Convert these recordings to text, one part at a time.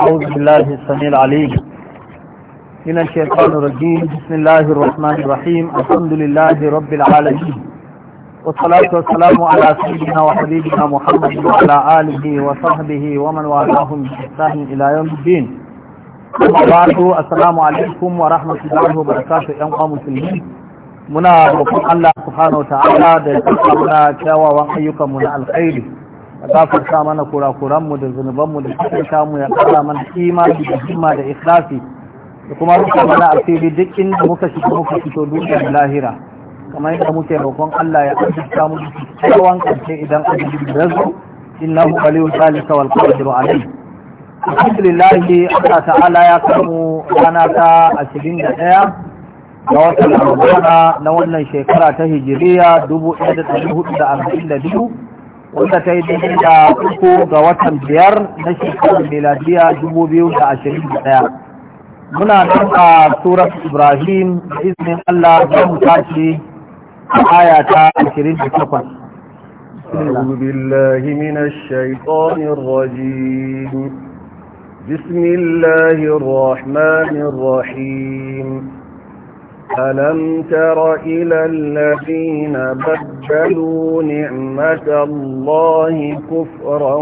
أعوذ بالله السميع العليم من الشيطان الرجيم بسم الله الرحمن الرحيم الحمد لله رب العالمين والصلاة والسلام على سيدنا وحبيبنا محمد وعلى آله وصحبه ومن والاهم بإحسان إلى يوم الدين وبعد السلام عليكم ورحمة الله وبركاته يا مسلمين منا ربنا الله سبحانه وتعالى da ya tsara kyawawan ayyukanmu na alkhairi gafarta mana kurakuranmu da zunubanmu da cikinta mu ya kara mana imani da himma da ikhlasi da kuma rufe mana a fili duk inda muka shiga muka fito duniyar lahira kamar yadda muke roƙon Allah ya azurta mu tsawon karshe idan ajiyar da zo innahu aliyul salisa wal qadiru alayh alhamdulillah Allah ta'ala ya kamu rana ta 21 ga watan Ramadana na wannan shekara ta Hijiriya 1442 wanda ta yi daidai da uku ga watan biyar na shekarar miladiya dubu biyu da ashirin da ɗaya muna nan a surat ibrahim da izinin allah za mu tashi aya ta ashirin da takwas أعوذ بالله من الشيطان الرجيم بسم الله الرحمن الرحيم ألم تر إلى الذين بدلوا نعمة الله كفرا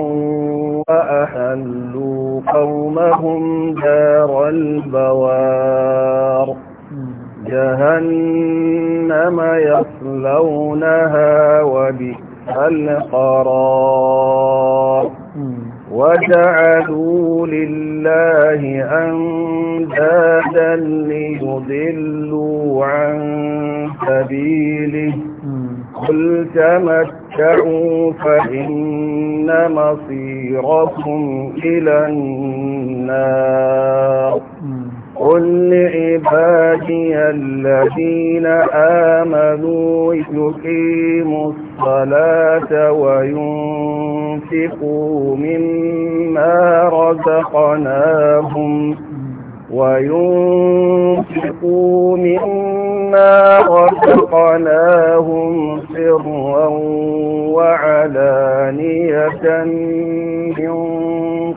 وأحلوا قومهم دار البوار جهنم يصلونها وبئس القرار وجعلوا لله أندادا ليضلوا عن سبيله قل تمتعوا فإن مصيركم إلى النار قل لعبادي الذين آمنوا يقيموا الصلاة وينفقوا ينفقوا مما رزقناهم وينفقوا مما رزقناهم سرا وعلانية من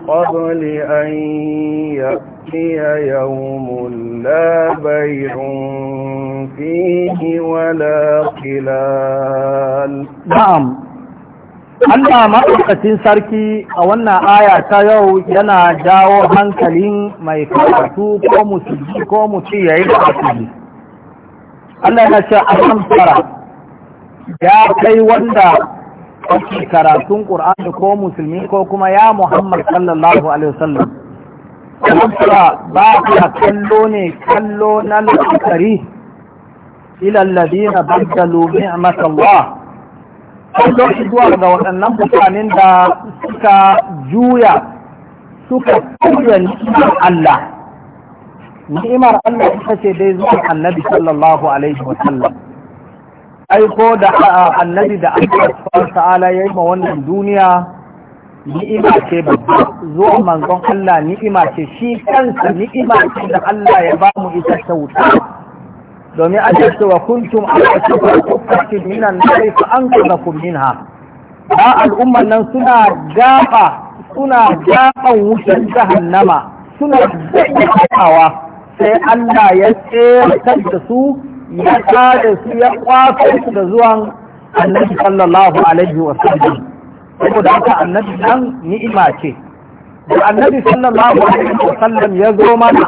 قبل أن يأتي يوم لا بيع فيه ولا خلال نعم Allah ma'aikacin sarki a wannan aya ta yau yana jawo hankalin mai karatu ko musulmi ko mutu ya yi karatu. Allah yana ce a fara ya kai wanda ake karatun ƙur'ani ko musulmi ko kuma ya Muhammad sallallahu Alaihi wasallam. Samsara ba a kallo ne kallo na lakari ilalladina baddalu ni'matallah ko shi zuwa ga waɗannan mutanen da suka juya suka kuma ni'imar Allah ni'imar Allah ita ce dai zuwa annabi sallallahu alaihi wa sallam aiko da annabi da Allah ta'ala ya yi ma wannan duniya ni'ima ce babba zuwa manzon Allah ni'ima ce shi kansa ni'ima ce da Allah ya ba mu ita wuta. domin ake jirta wa kuntum a cikin kufatin minan nari fa an kuna minha ba al'umman nan suna gaba suna gaban wutar jahannama suna daɗawa sai Allah ya tsere da su ya tsada su ya kwafe su da zuwan annabi sallallahu alaihi wa sallam saboda haka annabi nan ni'ima ce da annabi sallallahu alaihi wa sallam ya zo mana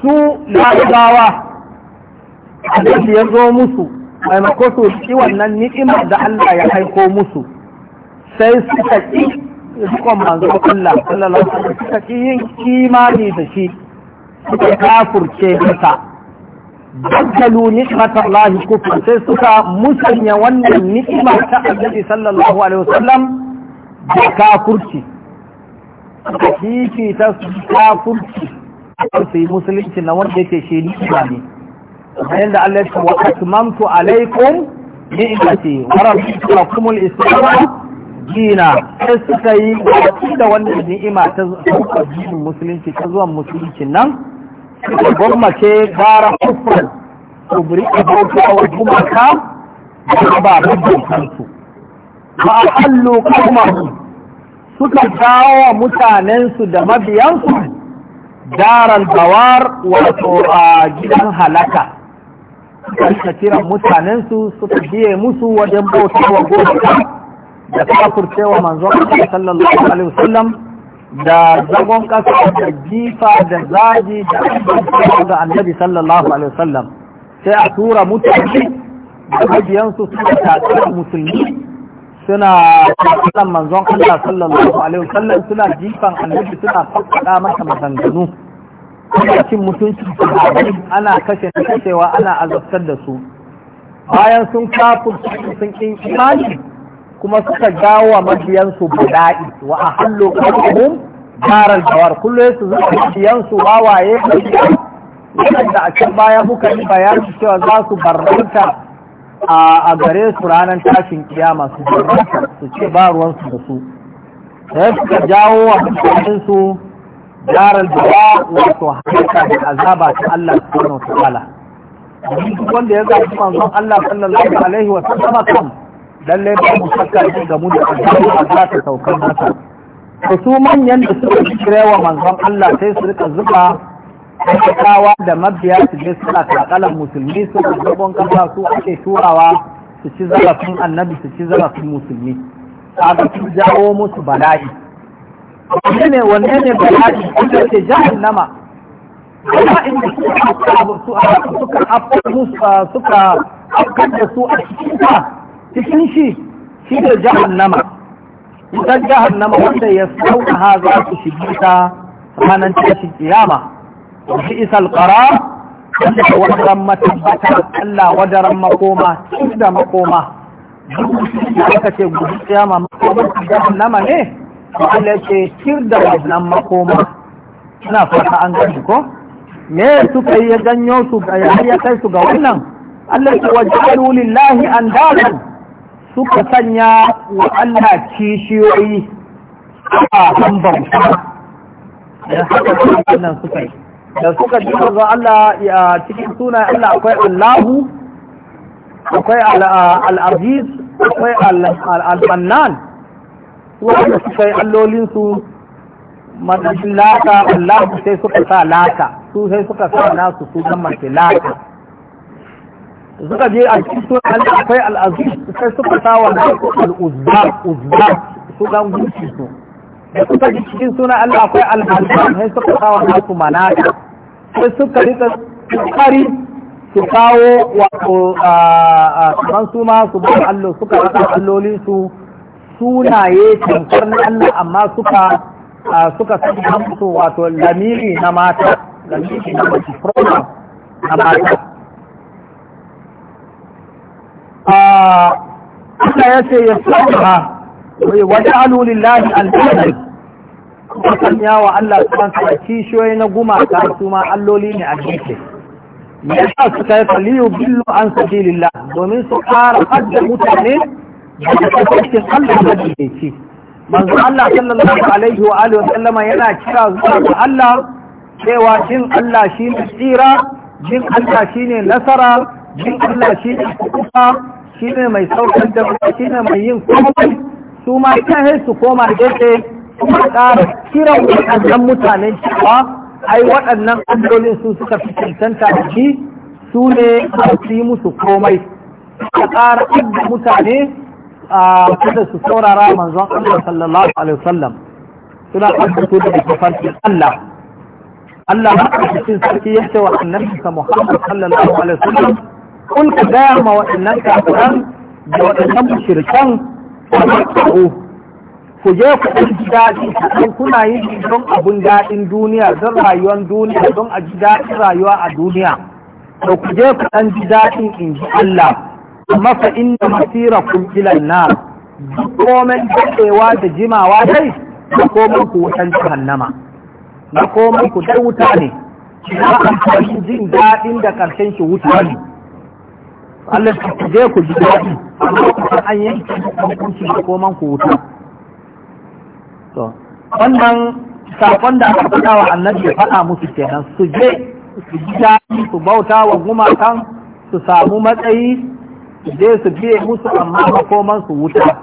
su larabawa abinda ya zo musu maimako su ci wannan ni'imar da Allah ya haiko musu sai suka ƙi rikon manzo Allah sallallahu alaihi suka ƙi yin kimani da shi suka kafurce masa dakkalu ni'mat Allah kufra sai suka musanya wannan ni'ima ta Annabi sallallahu alaihi wasallam da kafurci suka kifi ta kafurci sai musulunci na wanda yake shi ni'ima ne bayan da Allah ya ce wa atmamtu alaikum ni'mati wa warar lakum al-islam dina sai suka yi da wannan ni'ima ta zuwa jinin musulunci ta zuwa musulunci nan suka gwammace gara kufran su buri a bauta wa gumaka ba ba rabin kansu ba a hallo kuma suka kawo mutanensu da mabiyansu daral bawar wato a gidan halaka suka kira mutanensu suka biye musu wajen bautawa gobe gobata da kafurcewa manzon Allah sallallahu alaihi wasallam da zagon kasa da jifa da zaji da abubuwa ga annabi sallallahu alaihi wasallam sai a tura mutane da majiyansu suka tatsar musulmi suna tattalin manzon Allah sallallahu alaihi wasallam suna jifan annabi suna faɗa masa maganganu ana cin mutunci ana kashe kashewa ana azabtar da su bayan sun kafin sun kin imani kuma suka gawa mabiyansu bala'i wa a hallo kawahun darar dawar kullum su zuwa mabiyansu wawaye da a can baya muka yi bayani cewa za su barranta a gare su ranar tashin kiyama su barranta su ce ba ruwansu da su sai suka jawo wa mutanen su darar da ba wato haƙiƙa da azaba ta Allah subhanahu wataala duk wanda ya zaɓi manzon Allah sallallahu alaihi wa sallama kan lalle ba mu shakka shi ga mu da azaba za ta saukar masa to su manyan da suka kirewa manzon Allah sai su rika zuba kawa da mabiya su je suna takalan musulmi su gaban kasa su ake turawa su ci zarafin annabi su ci zarafin musulmi kaga sun jawo musu bala'i wanne ne wanne ne bayani wanda ke nama? kuma inda suka afkar ah, suka afkar da su a cikin ta cikin shi shi da nama. idan nama wanda ya sauka ha za su shigi ta ranar tashin kiyama wa bi isal qara wanda wannan matabbata Allah wadaran makoma da makoma duk da aka ce gudu kiyama makoma nama ne to Allah ce tir da wannan makoma ina fata an gani ko me suka yi ganyo su ga ya kai su ga wannan Allah ce waj'alu lillahi andalan suka sanya wa Allah kishiyoyi a kan bauta da haka wannan suka yi da suka ji ga Allah ya cikin suna Allah akwai Allahu akwai al-Aziz akwai al-Mannan wanda suka yi allolinsu matashin lata Allah sai suka sa lata su sai suka sa nasu su zama ke lata suka je a cikin sunan Allah akwai al'aziz sai suka sa wa nasu al'uzza uzza su dan guci su suka ji cikin sunan Allah akwai al'azza sai suka sa wa nasu manata sai suka rika kokari su kawo wato a kan su ma su ba Allah suka rika allolin su sunaye tamkar na Allah amma suka suka sanya musu wato lamiri na mata lamiri na mace pronoun na mata Allah ya ce ya sauka wani alulillahi alfadar kusan yawa Allah sukan sa kishiyoyi na gumaka su ma alloli ne a gefe ya sa suka yi faliyu billu an sabilillah domin su ƙara hadda mutane da cikin Allah da ke ce manzo Allah sallallahu alaihi wa alihi wasallama yana kira zuwa ga Allah cewa jin Allah shine tsira jin Allah shi ne nasara jin Allah shi shine kuka ne mai saukar da shi ne mai yin komai su ma kai su koma gefe kuma ƙara kiran waɗannan mutanen cewa ai waɗannan allolin su suka fi cancanta da shi su ne a su yi musu komai a ƙara ɗaga mutane kada su saurara manzon Allah sallallahu alaihi wasallam suna tabbato da tafarkin Allah Allah haka cikin sarki ya ce wa annabi Muhammad sallallahu alaihi wasallam kun ka ga ma waɗannan kafiran da waɗannan mushrikan ku je ku ji daɗi don kuna yin don abun daɗin duniya don rayuwar duniya don a ji daɗin rayuwa a duniya to ku je ku ɗan ji daɗin in ji Allah amma fa inda masira kun ilan na komai dadewa da jimawa dai na komen ku wutan jahannama na komai ku dai wuta ne na amfani jin daɗin da ƙarshen shi wuta ne Allah ta kaje ku ji daɗi amma ku san an yanke hukunci da komen ku wuta to wannan sakon da aka faɗa wa annabi ya faɗa musu kenan su je su ji daɗi su bauta wa gumakan su samu matsayi je su biye musu amma makoman su wuta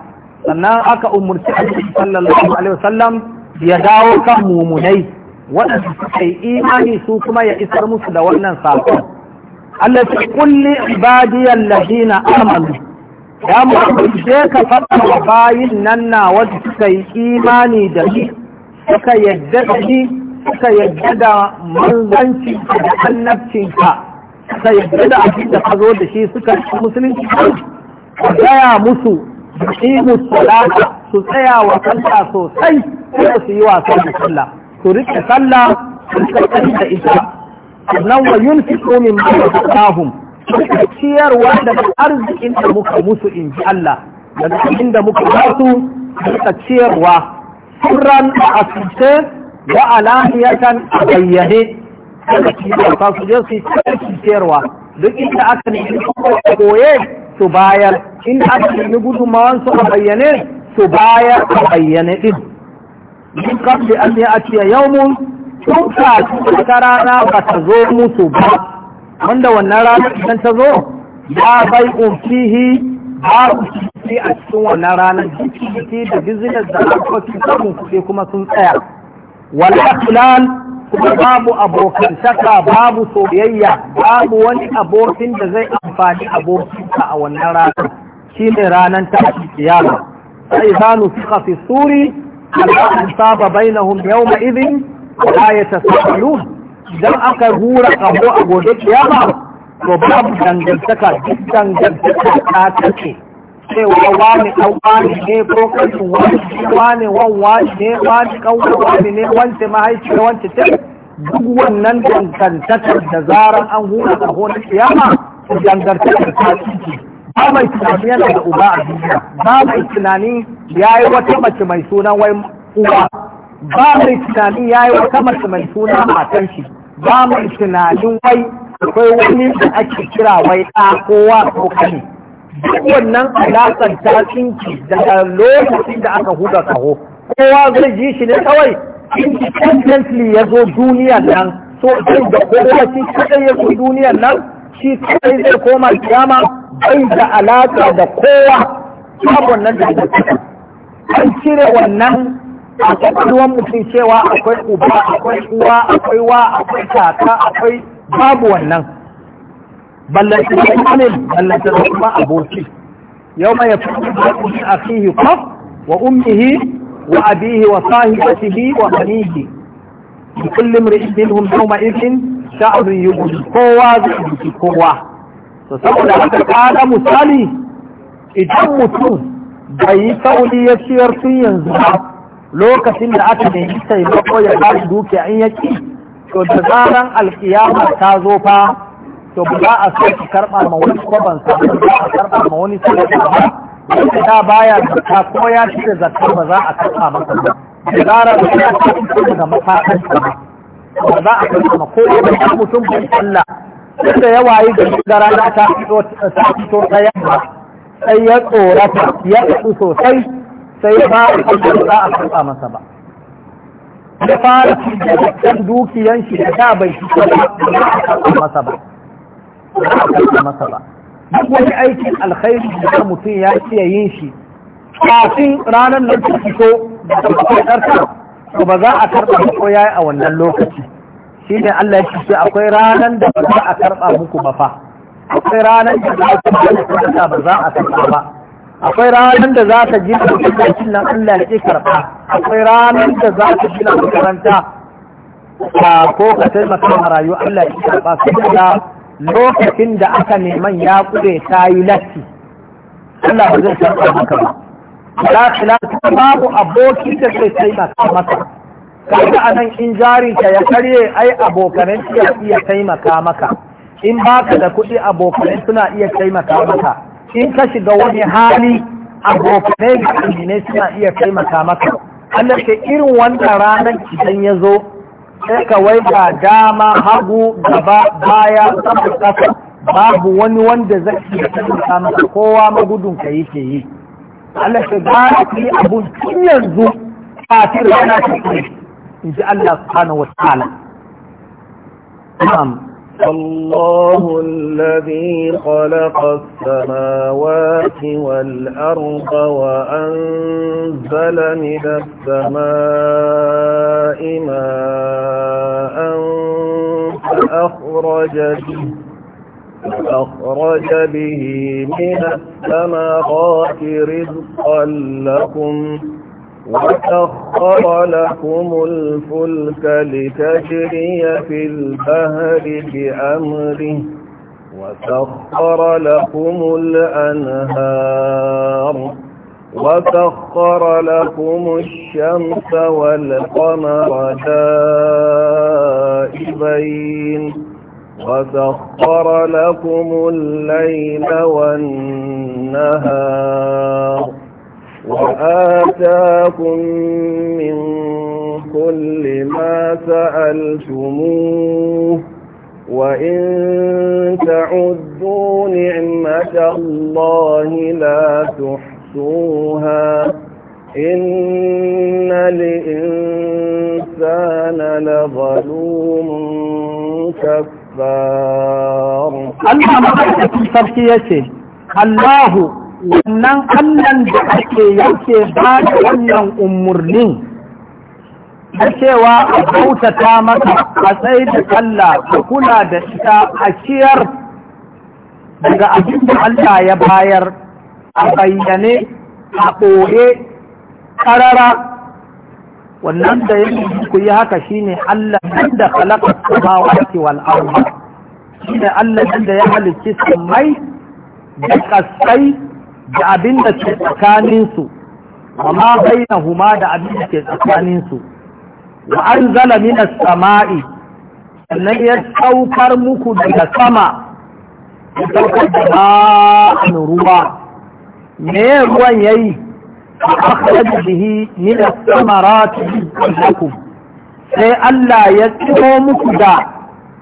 sannan aka umurci annabi sallallahu alaihi wasallam ya dawo kan mumunai waɗanda suka yi imani su kuma ya isar musu da wannan saƙon Allah ce kulli ibadiyan ladina amanu ya mutum je ka faɗa wa bayin nan na wanda suka yi imani da shi suka yadda da ni suka yadda da manzancin da suka yarda da abin da ka zo da shi suka ci musulunci Ku gaya musu imu salata su tsaya wa sallah sosai kuma su yi wasan da sallah su rike sallah su rike da ita sannan wa yunfiqu min ma razaqnahum ciyarwa da arzikin da muka musu in ji Allah daga inda muka ba su suka ciyarwa sirran a asirce wa alaniyatan a bayyane daga cikin ta su je su ciyarwa duk inda aka nemi koye su bayar inda aka nemi gudunmawan su a bayyane su bayar a bayyane din min qabli an ya'tiya yawmun tun kafin ta rana ba ta zo musu ba wanda wannan rana idan ta zo ya bai fihi su sai a cikin wannan ranar jiki da business da harkokin samun kuɗi kuma sun tsaya wal aklan kuma babu abokantaka babu soyayya babu wani abokin da zai amfani abokinka a wannan ranar shi ne ranar tashi kiyama sai za suka fi suri al'adun saba bainahum yau ma izin la ya tasalu idan aka hura kabo a gobe kiyama to babu dangantaka duk dangantaka ta tace cewa wani ɗan ne ko kashi wani wani wan ne wani ƙaunar wani ne wance mahaifiyar wance ta duk wannan dangantakar da zaran an hura a honar kiyama dangantakar ta ciki ba mai tunani yana da uba a duniya ba mai tunani ya yi wata mace mai suna, wai uwa ba mai tunani ya yi wata mace mai sunan matan shi ba mai tunanin wai akwai wani da ake kira wai ɗa kowa ko kani duk wannan alaƙar ta tsinki daga lokacin da aka huda kaho kowa zai ji shi ne kawai independently ya zo duniyar nan so zai da kowa shi kadai ya zo duniyar nan shi kadai zai koma kiyama bai da alaƙa da kowa babu wannan da dangantaka an cire wannan a kwakwalwar mutum cewa akwai uba akwai uwa akwai wa akwai kaka akwai babu wannan ballanta da imanin ballanta da kuma aboki yau mai yafi da a akhihi qaf wa ummihi wa abihi wa sahibatihi wa banihi bi kulli imri'in minhum yawma idhin sha'run gudu kowa zai bi kowa to saboda haka kada misali idan mutum bai yi sauri ya ciyar tun yanzu ba lokacin da aka nemi taimako ya ba dukiya an yaki to da zaran alkiyama ta zo fa to ba a so ki karɓa ma wani kwaban sa ba a karɓa ma wani sadaka ba wanda da baya zakka ko ya cire zakka ba za a karɓa maka ba da zarar da ya tafi ko daga ka ba ba za a karɓa ma ko da mutum bai Allah inda ya wayi da gara da ta fito ta fito ta yamma sai ya tsorata ya tsu sosai sai ya ba za a karɓa masa ba ya fara cikin dukiyan shi da ta bai fito ba a karɓa masa ba ba a karɓa masa ba duk wani aikin alkhairi da mutum ya iya yin shi kafin ranar nan ta fito da ta to ba za a karɓa ko yayi a wannan lokaci shi ne Allah ya ce akwai ranar da ba za a karba muku ba fa akwai ranar da za ku ba ba za a karba. ba akwai ranar da za ta ji lokacin nan Allah ya karba. akwai ranar da za ta ji makaranta ko ka taimaka ma rayuwa Allah ya karɓa sai lokacin da aka neman ya kure ta yi latti Allah ba zai san maka ba la filata babu aboki da zai taimaka maka kaga nan in jari ka ya karye ai abokanen iya iya taimaka maka in baka da kuɗi abokanai suna iya taimaka maka in ka shiga wani hali abokanai da suna iya taimaka maka Allah ke irin wannan ranar idan ya zo sai ka waiga dama hagu gaba baya sama kasa babu wani wanda zai iya taimaka maka kowa magudun ka yake yi Allah shi ba ki abun tun yanzu kafin rana ta in ji Allah subhanahu wa ta'ala الله الذي خلق السماوات والأرض وأنزل من السماء ماء فأخرج به فأخرج به من السماوات رزقا لكم وسخر لكم الفلك لتجري في البهر بأمره وسخر لكم الأنهار وسخر لكم الشمس والقمر دائبين وسخر لكم الليل والنهار وآتاكم من كل ما سألتموه وإن تعدوا نعمة الله لا تحصوها إن الإنسان لظلوم كفار الله wannan annan da ake yake ba da wannan umarnin da cewa a bautata maka, a tsaye da Allah a kula da ita a ciyar daga abin da Allah ya bayar a bayyane a ɓoye ƙarara wannan da ya ku yi haka shi ne Allah nan da halakar samawati wal shi shine Allah nan da ya halicci mai da ƙasai. da abin da ke tsakaninsu amma bai na huma da abin da ke tsakaninsu wa an zala mina sama'i sannan ya saukar muku daga sama ya saukar da ruwa me ruwan ya yi a bihi mina samarati lakum sai Allah ya tsoro muku da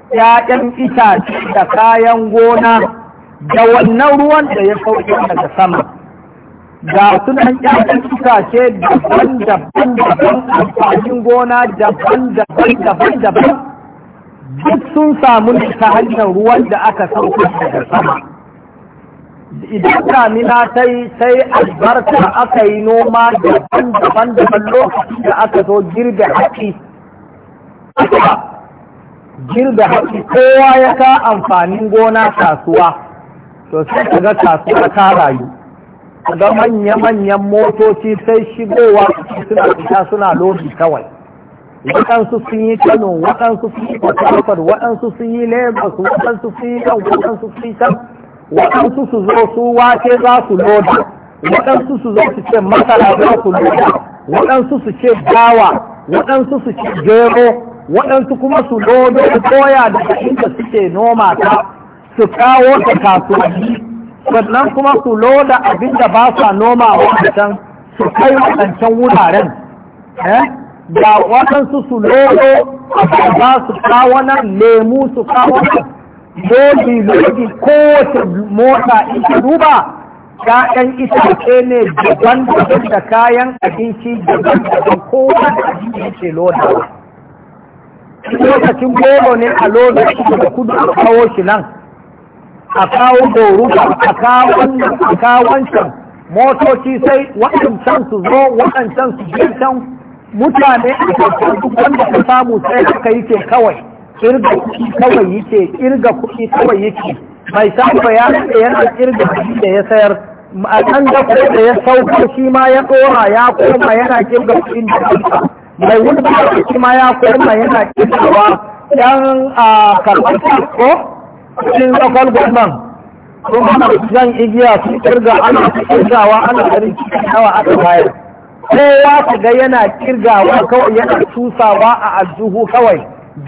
‘ya'yan itace da kayan gona’ da wannan ruwan da ya sauke daga sama ga sunan ƴaƴan itace daban daban daban amfanin gona daban daban daban daban duk sun samu ne ta hanyar ruwan da aka sauke daga sama idan damina ta yi sai albarka aka yi noma daban daban daban lokacin da aka zo girbe haƙi girbe haƙi kowa ya ka amfanin gona kasuwa to sai ka ga kasuwa ta karayu ga manya-manyan motoci sai shigowa suna fita suna lobi kawai waɗansu sun yi kano waɗansu sun yi kwatakwatar waɗansu sun yi lagos waɗansu sun yi kan waɗansu sun yi can waɗansu su zo su wake za su loda waɗansu su zo su ce masara za su loda waɗansu su ce dawa waɗansu su ce gero waɗansu kuma su lodo koya daga inda suke noma ta su kawo ta kasuwanni sannan kuma su loda abin da ba sa noma a wadancan su kai wadancan wuraren eh? ga waɗansu su lodo a ba su kawo nan lemu su kawo nan lodi lodi kowace mota ita duba ‘ya'yan itace ne daban daban da kayan abinci daban daban kowane abinci yake loda lokacin goro ne a loda da kudu a kawo shi nan a kawo goruka a kawo a kawo wancan motoci sai waɗancan su zo waɗancan su je can mutane a cikin duk wanda ka samu sai haka yake kawai kirga kuɗi kawai yake kirga kuɗi kawai yake Mai samu ba ya da yana kirga kuɗi da ya sayar a ɗan da kuɗi da ya sauka shi ma ya ɗora ya koma yana kirga kuɗin da kansa mai wuta ba shi ma ya koma yana kirgawa yan a ah, karɓar ko cikin local gwamnan sun hana zan igiya su kirga ana kirgawa ana garin nawa aka bayar kowa ta ga yana kirgawa kawai yana tusawa a aljuhu kawai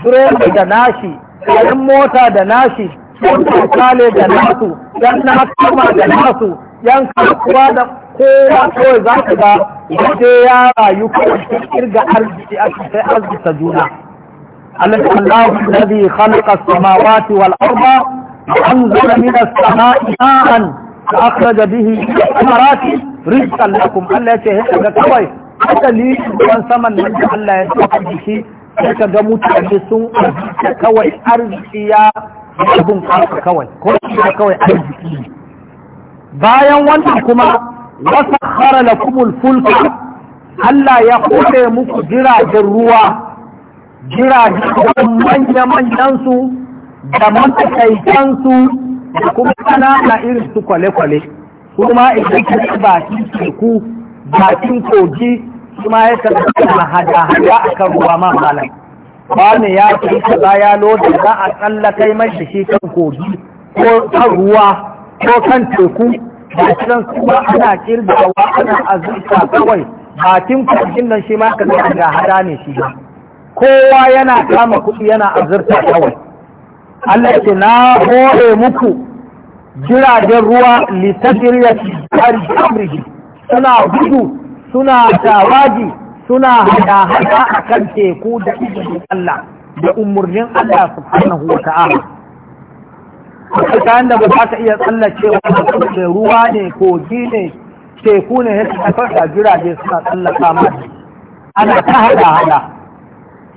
direba da nashi ɗan mota da nashi ɗan kakale da nasu ɗan nakama da nasu ɗan kasuwa da kowa kawai za ka ga wanda ya rayu kawai kirga arziki a sai arziki juna الله الذي خلق السماوات والأرض وأنزل من السماء ماء فأخرج به الثمرات رزقا لكم الله يتهيأ لك كوي حتى لي من سمن من الله يتوقع به Daga ga mutane sun arziki kawai arziki ya abin kasa kawai, ko shi kawai arziki ne. Bayan wannan kuma wasa harala kumul fulka, Allah ya kuɗe muku jiragen ruwa jiragen manya-manyansu da matakaitansu da kuma kanana irin su kwale-kwale kuma idan ka bakin teku bakin kogi kuma ya tabbata na hada-hada a kan ruwa ma malam wani ya ce kaza ya loda za a tsallakai mai da shi kan kogi ko kan ruwa ko kan teku ba kiran kuma ana kirgawa ana azurta kawai bakin kogin nan shi ma ka hada-hada ne shi ba kowa yana kama kuɗi yana azurta kawai Allah ce na hore muku jiragen ruwa litajiriya amrihi suna gudu suna tawaji suna hada-hada a kan teku da izinin Allah da umarnin Allah subhanahu wa ta'ala kayan da ba za ka iya tsallacewa da ruwa ne kogi ne teku ne ya tafi da jirage suna tsallaka ma ana ta hada-hada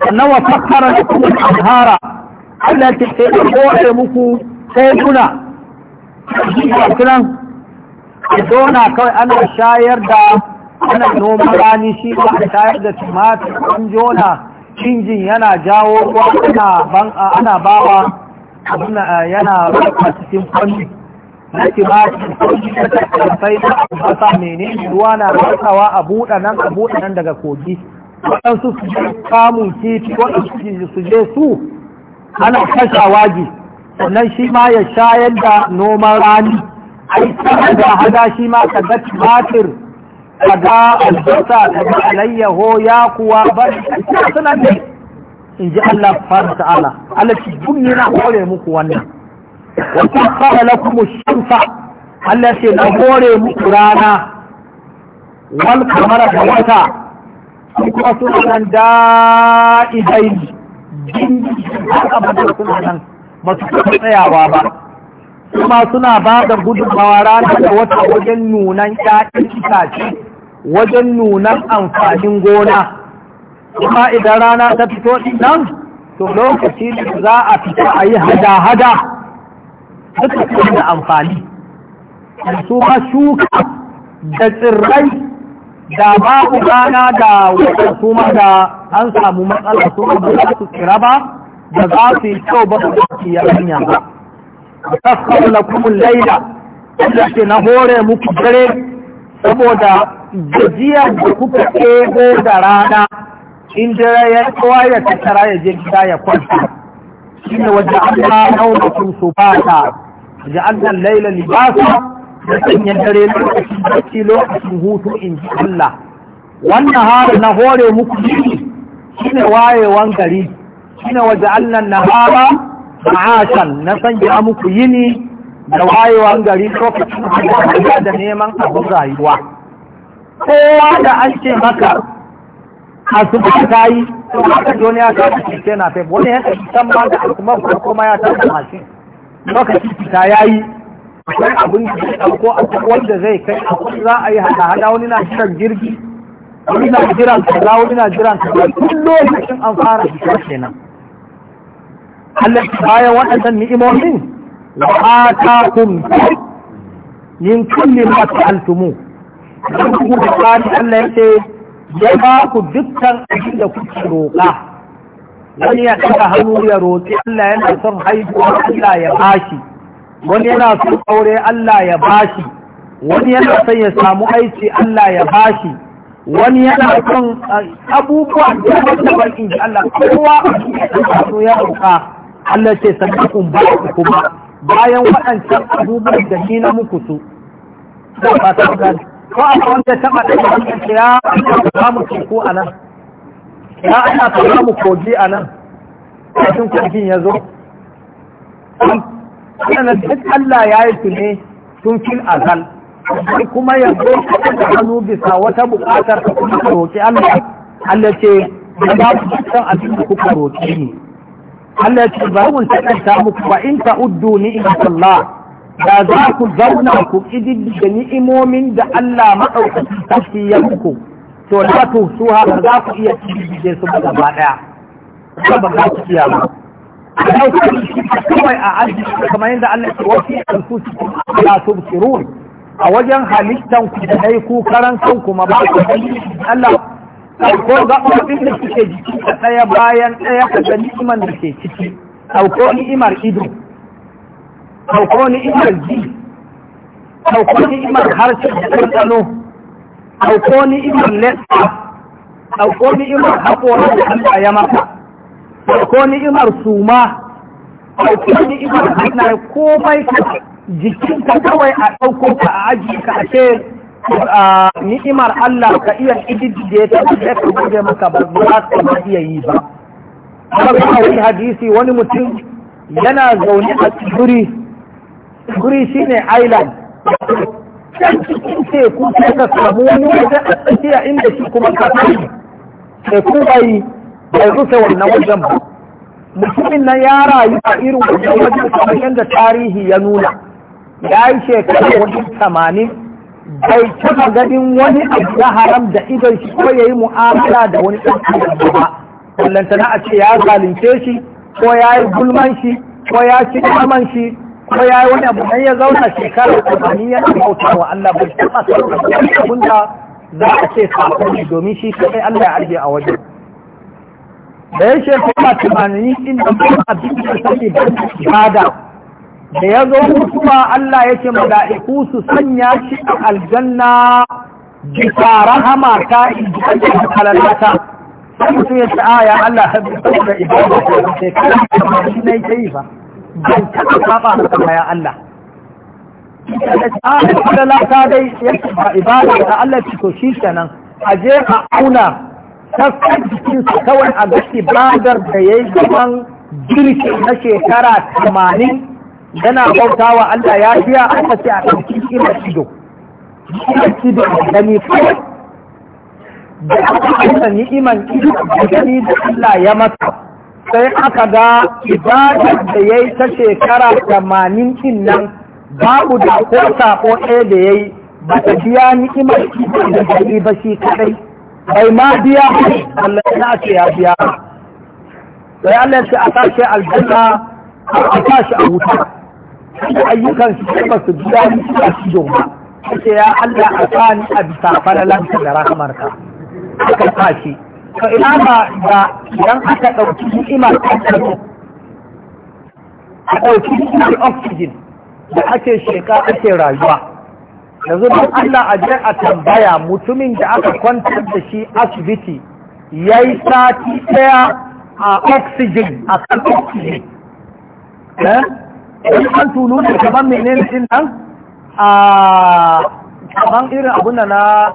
sannan wa fakkara da kuma alhara Allah ta ce da kowace muku sai kuna sunan zona kawai ana shayar da ana noma rani shi ba a shayar da tumatir an jona injin yana jawo ruwa ana bawa abin eh, yana rufa cikin fanni na timatir sai da sa menene ruwa na rutsawa a buɗa nan a buɗa nan daga kogi waɗansu su je kamun kifi waɗansu su je su ana kasha waje. sannan shi ma ya shayar da noman rani ai sama da hada shi ma ka ga tumatir ka ga albasa ka ga alayyaho ya kuwa ba suna ne in ji Allah fara ta'ala Allah ki dun yana kore muku wannan wa fara lakum mu shamsa Allah ce na kore muku rana wal kamar da wata kuma suna nan har suna nan ba su tsayawa ba kuma suna ba da gudunmawa ranar da wata wajen nunan ƴaƴan itace wajen nunan amfanin gona kuma idan rana ta fito ɗin nan to lokaci da za a fita a yi hada-hada duka da amfani su ma shuka da tsirrai da ba babu rana da wata kuma da an samu matsala su ba za su tsira ba da za su yi kyau ba su yi yarinya ba tasar lakumin laila da ke na hore muku dare saboda gajiya da kuka ɗebo da rana in dare ya kowa ya tattara ya je gida ya kwanta shi ne wajen an ba naunakun su ba ta wajen an laila libasa da sanyin dare lokacin bacci lokacin hutu in ji Allah wannan hari na hore muku shi shine wayewan gari shine waje Allah na hara ma'ashan na sanya muku yini da wayewan gari lokacin hajjata da neman abu rayuwa kowa da an ce maka a su ta yi haka joni ya ta ce na fai wani ya ta san ma da kuma kuma ya ta mashin lokacin fita ya yi akwai abin da zai ɗauko akwai wanda zai kai akwai za a yi hada-hada wani na jiran jirgi wani na jiran kaza wani na jiran kaza tun lokacin an fara fita kenan Allah bayan waɗannan ni'imomin wa atakum min kulli ma ta'altumu dan ku da tsari Allah yake ya ba ku dukkan abin da kuke roƙa wani ya ɗaga hannu ya roƙi Allah yana son haihuwa Allah ya bashi wani yana son aure Allah ya bashi wani yana son ya samu aiki Allah ya bashi wani yana son eh, abubuwa da wanda ba in ji Allah kowa a so ya roƙa Allah ce kun ba ku kuma bayan waɗancan abubuwa da shi na muku su da ba ta ko a wanda taɓa da ce ya ba mu ko anan ya ana ta mu kogi a nan kafin kogin ya zo wannan duk Allah ya yi su ne tun fil azal sai kuma yanzu ka da hannu bisa wata buƙatar ka kuma ka roƙi Allah Allah ce ba ku san abin da kuka roƙi ni Allah ce ba mun ta muku ba in ta uddu ni in Allah da za ku zauna ku da ni'imomin da Allah maɗaukaki sarki ya muku to la tuhsuha ba za ku iya ƙididdige su ba gaba ɗaya ba za ku iya ba kawai a arziki kamar yadda Allah ke wasu alfusu ya tubsirun a wajen halittan ku da dai ku karan kanku ma ba ku Allah ko gaɓoɓin da suke jiki da ɗaya bayan ɗaya ka ga ni'imar da ke ciki sauko ni'imar ido sauko ni'imar ji sauko ni'imar harshe da ɗanɗano sauko ni'imar lesa sauko ni'imar haƙorin da Allah ya maka ko ni'imar suma ko ni'imar hana komai ka jikinka kawai a ɗauko ka a aji ka a ce ni'imar Allah ka iya ididide ta da ka gode maka ba za ka ba iya yi ba ga wani hadisi wani mutum yana zaune a guri guri shine island can cikin teku sai ka samu wani wajen a tsakiya inda shi kuma ka teku bai bai rufe wannan wajen ba mutumin nan ya rayu a irin wannan wajen kamar yadda tarihi ya nuna ya yi shekaru wajen tamanin bai taɓa ganin wani abu ya haram da idon shi ko ya yi mu'amala da wani ɗan adam ba kullantana a ce ya zalunce shi ko ya yi gulman shi ko ya ci naman shi ko ya yi wani abu nan ya zauna shekara tamanin yana bauta wa Allah bai taɓa sauran abin da za a ce sakon domin shi kaɗai Allah ya arge a wajen da ya shekara tunanin inda kuma abin da sani da da ya zo mutuwa Allah ya ce mala'iku su sanya shi a aljanna bisa rahama ta ibada halalata sai mutum ya ce a ya Allah habbi da ibada ta shekara tunanin na yi ba ban taɓa saba da kuma ya Allah a halalata dai ya ce ba ibada da Allah ce to shi kenan a je a auna jikin su kawai a ga ibadar da ya yi gaban jirki na shekara tamanin yana bauta wa Allah ya fiya aka ce a ɗauki ina ido ina ido da gani kawai da aka ni ni'iman ido da gani da Allah ya masa sai aka ga ibadar da ya yi ta shekara tamanin ɗin nan babu da ko sako ɗaya da ya yi ba ta biya iman ido da gani ba shi kaɗai bai ma biya Allah ya ce ya biya sai Allah ya ce a tashi aljanna a tashi a wuta da ayyukan su sai ba su biya ni a shi su sai ce ya Allah a tsani a bisa falalanka da ka aka tashi to ina ba da idan aka ɗauki ni'imar ƙasar a ɗauki ni'imar oxygen da ake sheka ake rayuwa yanzu don Allah a a tambaya mutumin da aka kwantar da shi asibiti ya yi sati ɗaya a oxygen a kan oxygen eh an tulu da kaman menene din nan a kaman irin abun na da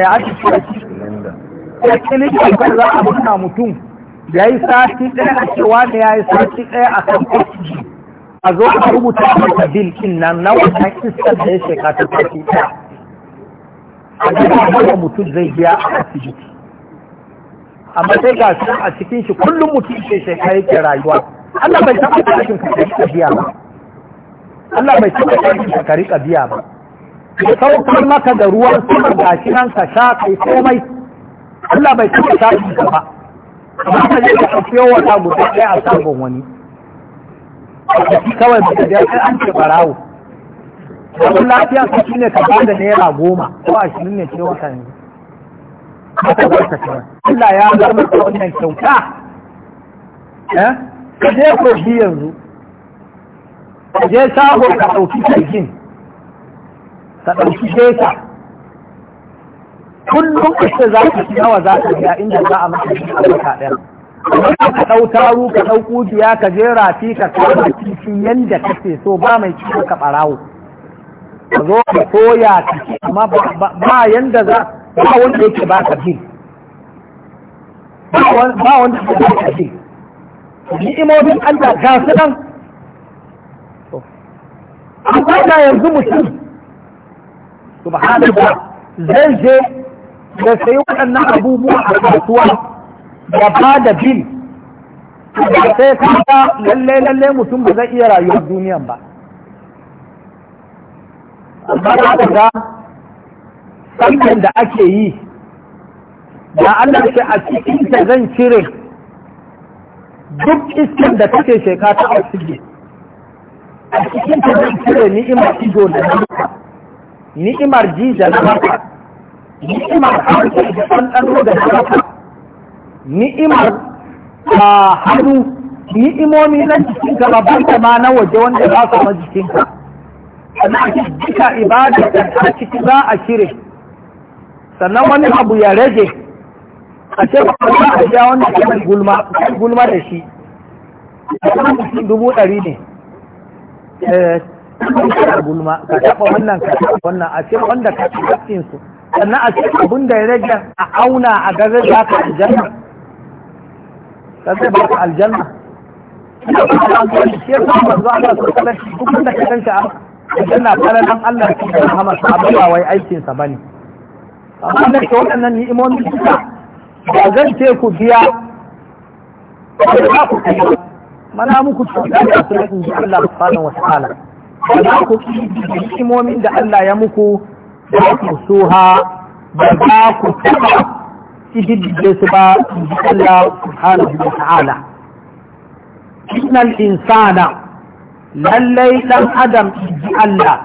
ya ake a cikin kan za a mutum ya yi sati ɗaya a cewa ne ya yi sati ɗaya a kan oxygen a zo a rubuta mata bil ɗin nan na wannan iskar da ya shekara ta fi ta a gaba da mutum zai biya a asibiti amma sai ga su a cikin shi kullum mutum ke shekara yake rayuwa Allah bai taɓa tashin ka rika biya ba Allah bai taɓa tashin ka rika biya ba ya saukar maka da ruwan sama ga shi nan ka sha kai komai Allah bai taɓa tashin ka ba amma ka je ka ɗauki yawan guda ɗaya a sabon wani kawai ba ka je kai an ce barawo abin lafiya ka shi ne ka ba da naira goma ko ashirin ne ce wata ne ta ba ka kawai Allah ya zama ka wannan kyauta eh? ka je ko kogi yanzu ka je shago ka ɗauki kajin ka ɗauki gesa kullum ka ce za ka ci nawa za ka biya inda za a maka shi a wata ɗaya ka ɗau taru ka ɗau ƙugiya ka je rafi ka kama kifi yadda kake so ba mai cikin ka ɓarawo ka zo ka soya ka amma ba yadda za ba wanda yake ba ka bil ba wanda yake ba ka bil ni'imomin Allah ga su nan amma na yanzu mutum subhanallah zai je da sai waɗannan abubuwa a kasuwa da ba da bil da sai kaga lalle lalle mutum ba zai iya rayuwar duniyan ba amma da ga sannan da ake yi da Allah ce a cikin ta zan cire duk iskan da take sheka ta oxygen a cikin ta zan cire ni'imar ido da na ni'imar ji da na ni'imar harshe da ɗanɗano da na ni'imar a ah, hannu ni'imomi na ka ba banta ma na waje wanda za su ma jikinka sannan a cikin duka ibada da a ciki za a cire sannan wani abu ya rage a ce ba za a ja wanda ke gulma gulma da shi a cikin dubu ɗari ne eh, gulma ka taɓa wannan ka taɓa wannan a ce wanda ka taɓa su sannan a cikin abin da ya rage a auna a gaza za ka aljanna dan zai baka aljanna ina kuma an gani shi yasa manzo Allah sallallahu alaihi Kuma duk wanda ka danka aljanna kana nan Allah ki da rahama abu ba wai aikin sa bane amma da ke waɗannan ni'imomi suka ba zan ce ku biya mana muku cuta da su in ji Allah subhanahu wa ta'ala ba ku ni'imomin da Allah ya muku ba ku suha ba ku taɓa kididdige su ba Allah subhanahu wa ta'ala innal insana lallai dan adam ji Allah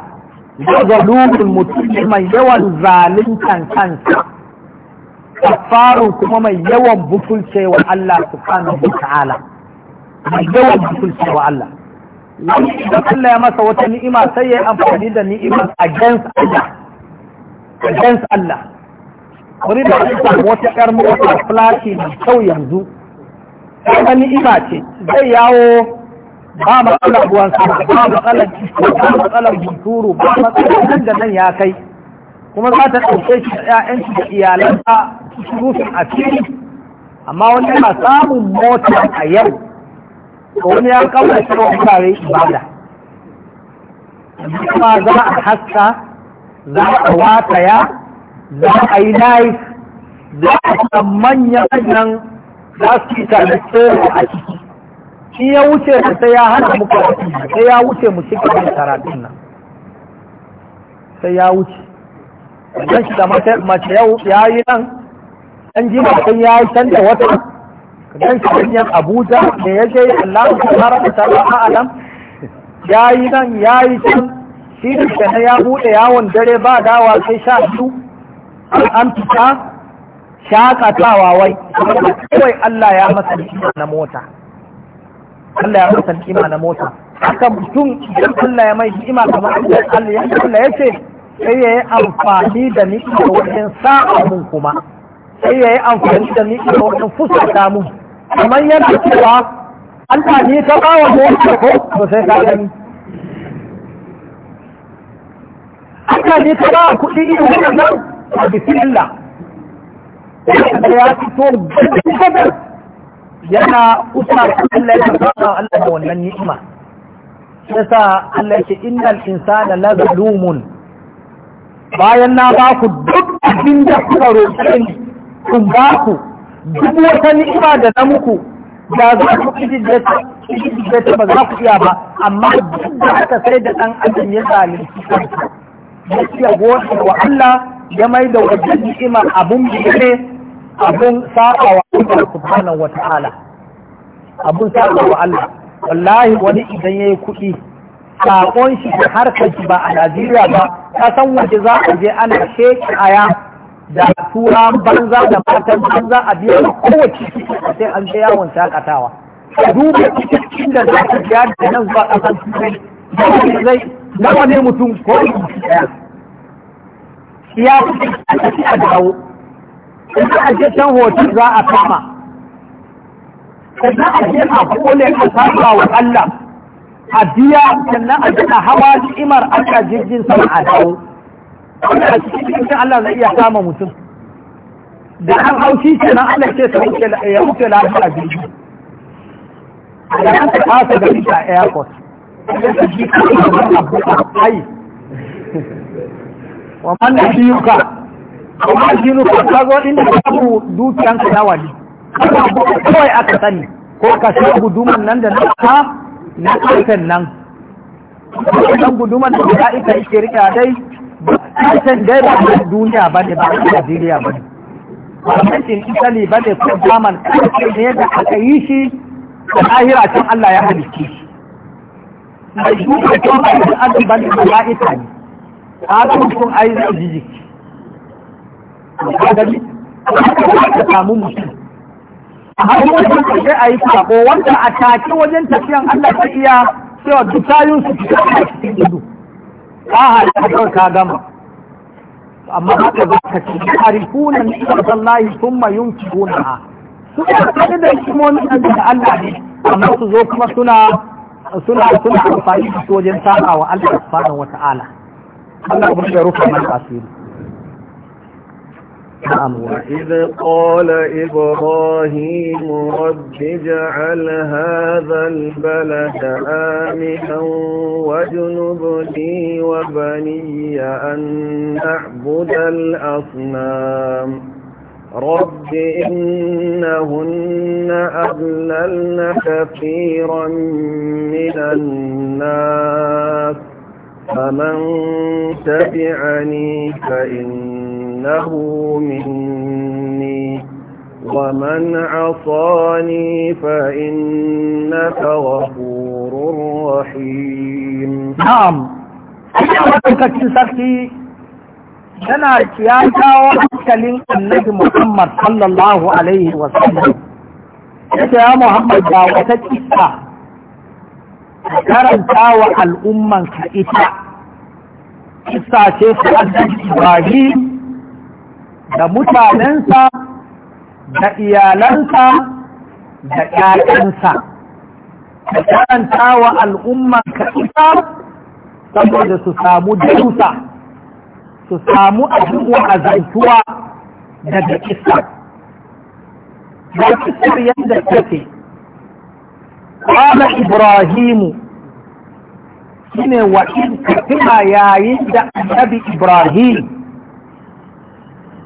ya zalumul mutum mai yawan zaluntan kansa kafarun kuma mai yawan butulcewa Allah subhanahu wa ta'ala mai yawan butulcewa Allah wani idan Allah ya masa wata ni'ima sai ya yi amfani da ni'imar against Allah against Allah wani da samu wata ƙar mota flashi mai kyau yanzu wani iba ce zai yawo ba matsala buwan sama ba matsalar iska ba matsalar hunturu ba matsalar nan da nan ya kai kuma za ta ɗauke shi da ƴaƴanci da iyalansa rufin a cikin amma wani yana samun mota a yau ko wani ya kawo shi wa wurare ibada kuma za a haska za a wataya za a yi live za a ta manyan nan za su yi tare a ciki shi ya wuce da sai ya hana mu sai ya wuce mu ci gaban karatun nan sai ya wuce wannan shi da mace yau ya yi nan an ji mutum ya yi can da wata dan shi hanyar abuja da ya je allahu tabaraka a alam ya yi nan ya yi can shi da ya bude yawon dare ba dawa sai sha biyu an fita shakatawa wai kawai Allah ya masa kima na mota Allah ya masa kima na mota aka mutum idan Allah ya mai kima kamar Allah ya Allah ya ce sai ya yi amfani da ni'ima wajen sa'a mun kuma sai ya yi amfani da ni'ima wajen fuskata samu. kamar yadda cewa Allah ne ta bawa mota ko to sai ka gani Allah ne ta bawa kuɗi irin wannan a bismillah ya fito gadar yana usar Allah ya fara Allah da wannan ni'ima yasa Allah ya ce innal insana la zalumun bayan na ba ku duk abin da kuka roƙe kun ba duk wata ni'ima da muku da za ta ba za iya ba amma duk da haka sai da ɗan ya ciya wa Allah ya mai da wajen ni'ima abun bigire abun saka wa Allah subhanahu wa ta'ala abun saka wa Allah wallahi wani idan yayi kuɗi saƙon shi da harkar shi ba a Najeriya ba ka san waje za a je ana sheki da tura banza da matan banza a biya kowace sai an je yawon shakatawa duba cikin da za ka biya da nan zuwa ƙasar turai zai nawa ne mutum ko ɗaya ya fi a tafi a dawo in za a je can hoton za a kama sannan a je a kone a saba wa Allah a biya sannan a je a hawa ni'imar Allah jirgin sama a dawo wanda a cikin Allah zai iya kama mutum da an haushi ke nan Allah ce ta ya wuce lafiya biyu da an ta kasa da airport ai wa man nabiyuka wa man dinuka ka zo inda babu dukiyanka na wali kawai aka sani ko ka sha guduman nan da na ka na kafin nan wannan guduman da za ita ike rika dai kafin dai ba duniya ba ne ba Najeriya ba ne gwamnatin Italy ba ne ko German kafin ne da aka yi shi da lahira can Allah ya halicci. shi. Mai duka kyau ba ne ba ne ba ita ne. kaga mutum ai zai ji jiki ka samu mutum a hannun sai a yi sako wanda a take wajen tafiyan Allah ta iya cewa duk tayun su fita a cikin gudu ka halatta ka gama amma haka za ka ce harifuna ni sallallahi thumma Su suna tare da hikimomin da Allah ne amma su zo kuma suna suna suna amfani da su wajen saba wa Allah subhanahu wata'ala Allah ba ya rufa وإذ قال إبراهيم رب اجعل هذا البلد آمنا واجنبني وبني أن نعبد الأصنام رب إنهن أضللن كثيرا من الناس فمن تبعني فإنه مني ومن عصاني فإنك غفور رحيم نعم أشعرك تسكي yana kiyata wa hankalin annabi Muhammad sallallahu alaihi wa sallam yace ya Muhammad ga wata kissa karanta wa al'umman ka ita kisa ce su annabi Ibrahim da mutanensa da iyalansa da ƴaƴansa ka karanta wa al'umma ka isa saboda su samu darusa su samu a zantuwa daga isa. da kisar yadda take قال Ibrahimu. shine wa in yayin da annabi ibrahim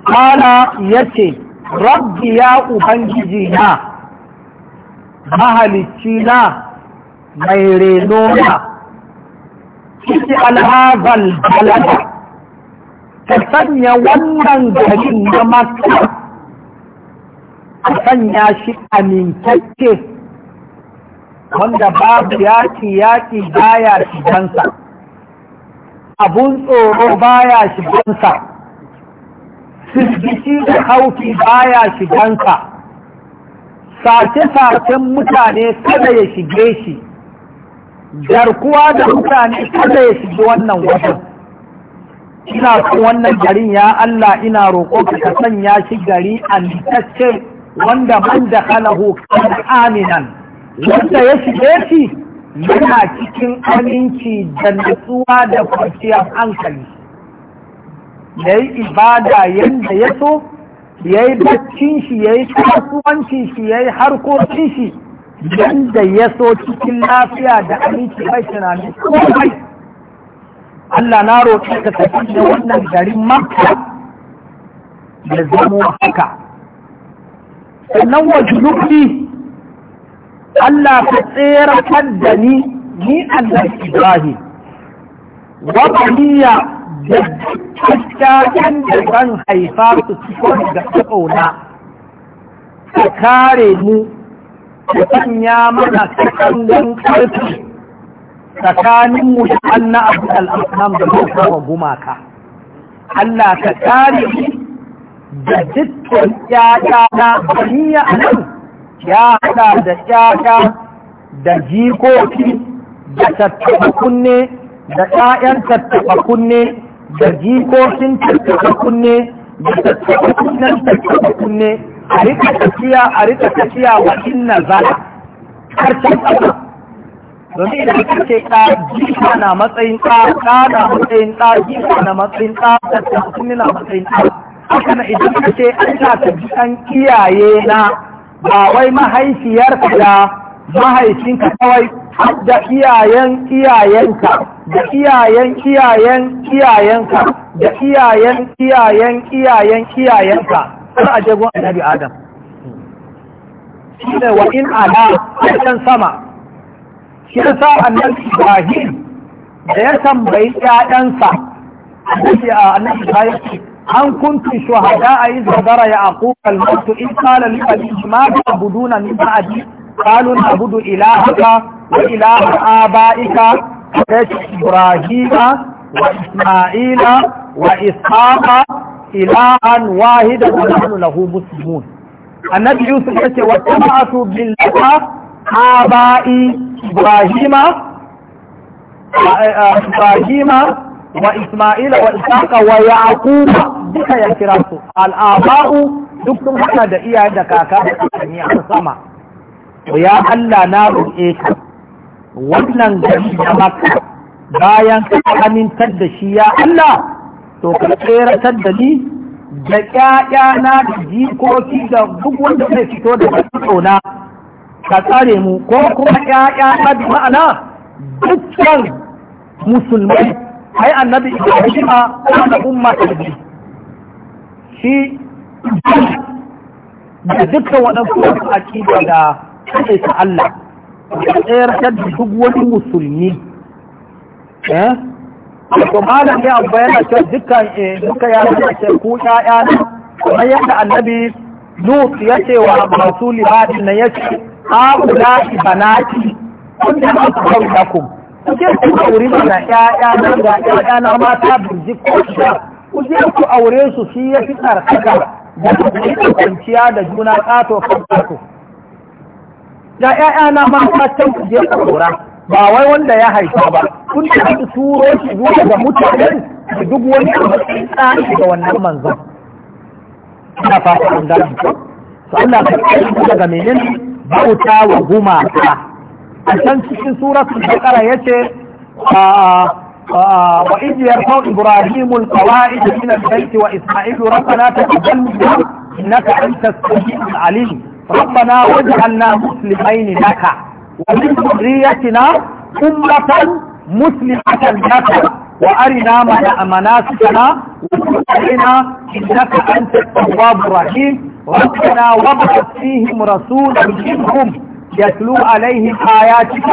kala ce, rabbi ya ubangiji na mahalicci na mai reno na kiti alhazal balada ka sanya wannan garin na maka a sanya shi amintacce wanda babu yaƙi yaƙi baya shigansa abun tsoro ba baya shigansa firgici da haufi baya shigansa sace-sacen mutane kada ya shige shi garkuwa da mutane kada ya shige wannan wajen ina kan wannan garin ya Allah ina roƙo ka sanya shi gari amintacce wanda man da kalahu kan aminan wanda ya shige shi yana cikin aminci da nutsuwa da kwanciyar hankali ya yi ibada yadda ya so ya yi baccin shi ya yi kasuwancin shi ya yi harkokin shi yadda ya so cikin lafiya da aminci bai tunanin kawai Allah na roƙi ka tafi da wannan garin Makka da zamo haka sannan wajen nufi Allah ka tseratar da ni ni Allah Ibrahim wa baniya da dukkan da zan haifa su cikin da ƙauna ka kare mu ka sanya mana kasangan ƙarfi tsakanin mu da Allah abu al'asnam da kuma gumaka Allah ka kare mu da dukkan ƴaƴana baniya a nan ya haɗa da ƴaƴa da jikoki da tattaɓa kunne da ƴaƴan tattaɓa kunne da jikokin tattaɓa kunne da tattaɓa kunnen tattaɓa kunne a rika tafiya a rika tafiya wa inna zala karshen ƙasa domin da aka ce ɗa jika na matsayin ɗa ɗa na matsayin ɗa jika na matsayin ɗa tattaɓa kunne na matsayin ɗa haka na idan ka ce an ta ji an iyaye na ba wai mahaifiyarka da mahaifinka kawai da iyayen iyayenka da iyayen iyayen iyayenka da iyayen iyayen iyayen iyayenka har a jagon annabi adam shine wa in ala can sama shi yasa annabi ibrahim da ya tambayi ƴaƴansa annabi ibrahim an kuntu shuhada a yi zagara ya aqul al-mautu in qala li abihi ma ta'buduna min ba'di qalu na'budu ilahaka wa ilaha abaika ibrahima wa isma'ila wa ishaqa ilahan wahidan wa nahnu lahu muslimun annabi yusuf yace wa tabasu billaha abai ibrahima ibrahima wa Isma'ila wa ya wa Yaquba duka ya kira su duk sun hana da iyaye da kaka da kakanni a sama ya Allah na roƙe ka wannan gari da bayan ka amintar da shi ya Allah to ka tseratar da ni da ƴaƴana da jikoki da duk wanda zai fito da tsona ka tsare mu ko kuma ƴaƴana bi ma'ana dukkan musulmai ai annabi ibrahim a kana umma tarbi shi da dukkan waɗansu wasu aƙida da kaɗai ta Allah da tsayar da duk wani musulmi eh to malam ya abba yana cewa dukkan eh, duka ya zama ce ku ƴaƴa ne kamar yadda annabi Lut ya ce wa masu limadin nan ya ce ha ula banati kun da ku kawo kuje ku aure su ga ƴaƴa na ga ƴaƴa na mata birji ko da kuje ku aure su shi ya fi tsarkaka da yi kwanciya da juna ƙato kan ƙato ga ƴaƴa na mata can ku je ku aura ba wai wanda ya haifa ba kun da ku turo shi zuwa ga mutanen da duk wani matsayin tsari ga wannan manzon ina fata an gane ko to Allah ka kai daga menene bauta wa gumaka a can cikin suratul baqara yace wa idh yarfa'u ibrahimu al-qawa'id min al-bayt wa isma'ilu rabbana taqabbal minna innaka antas samiul ربنا واجعلنا مسلمين لك ومن ذريتنا أمة مسلمة لك وأرنا مناسكنا وارنا إنك أنت التواب الرحيم ربنا وابعث فيهم رسولا منهم يتلو عليهم آياتك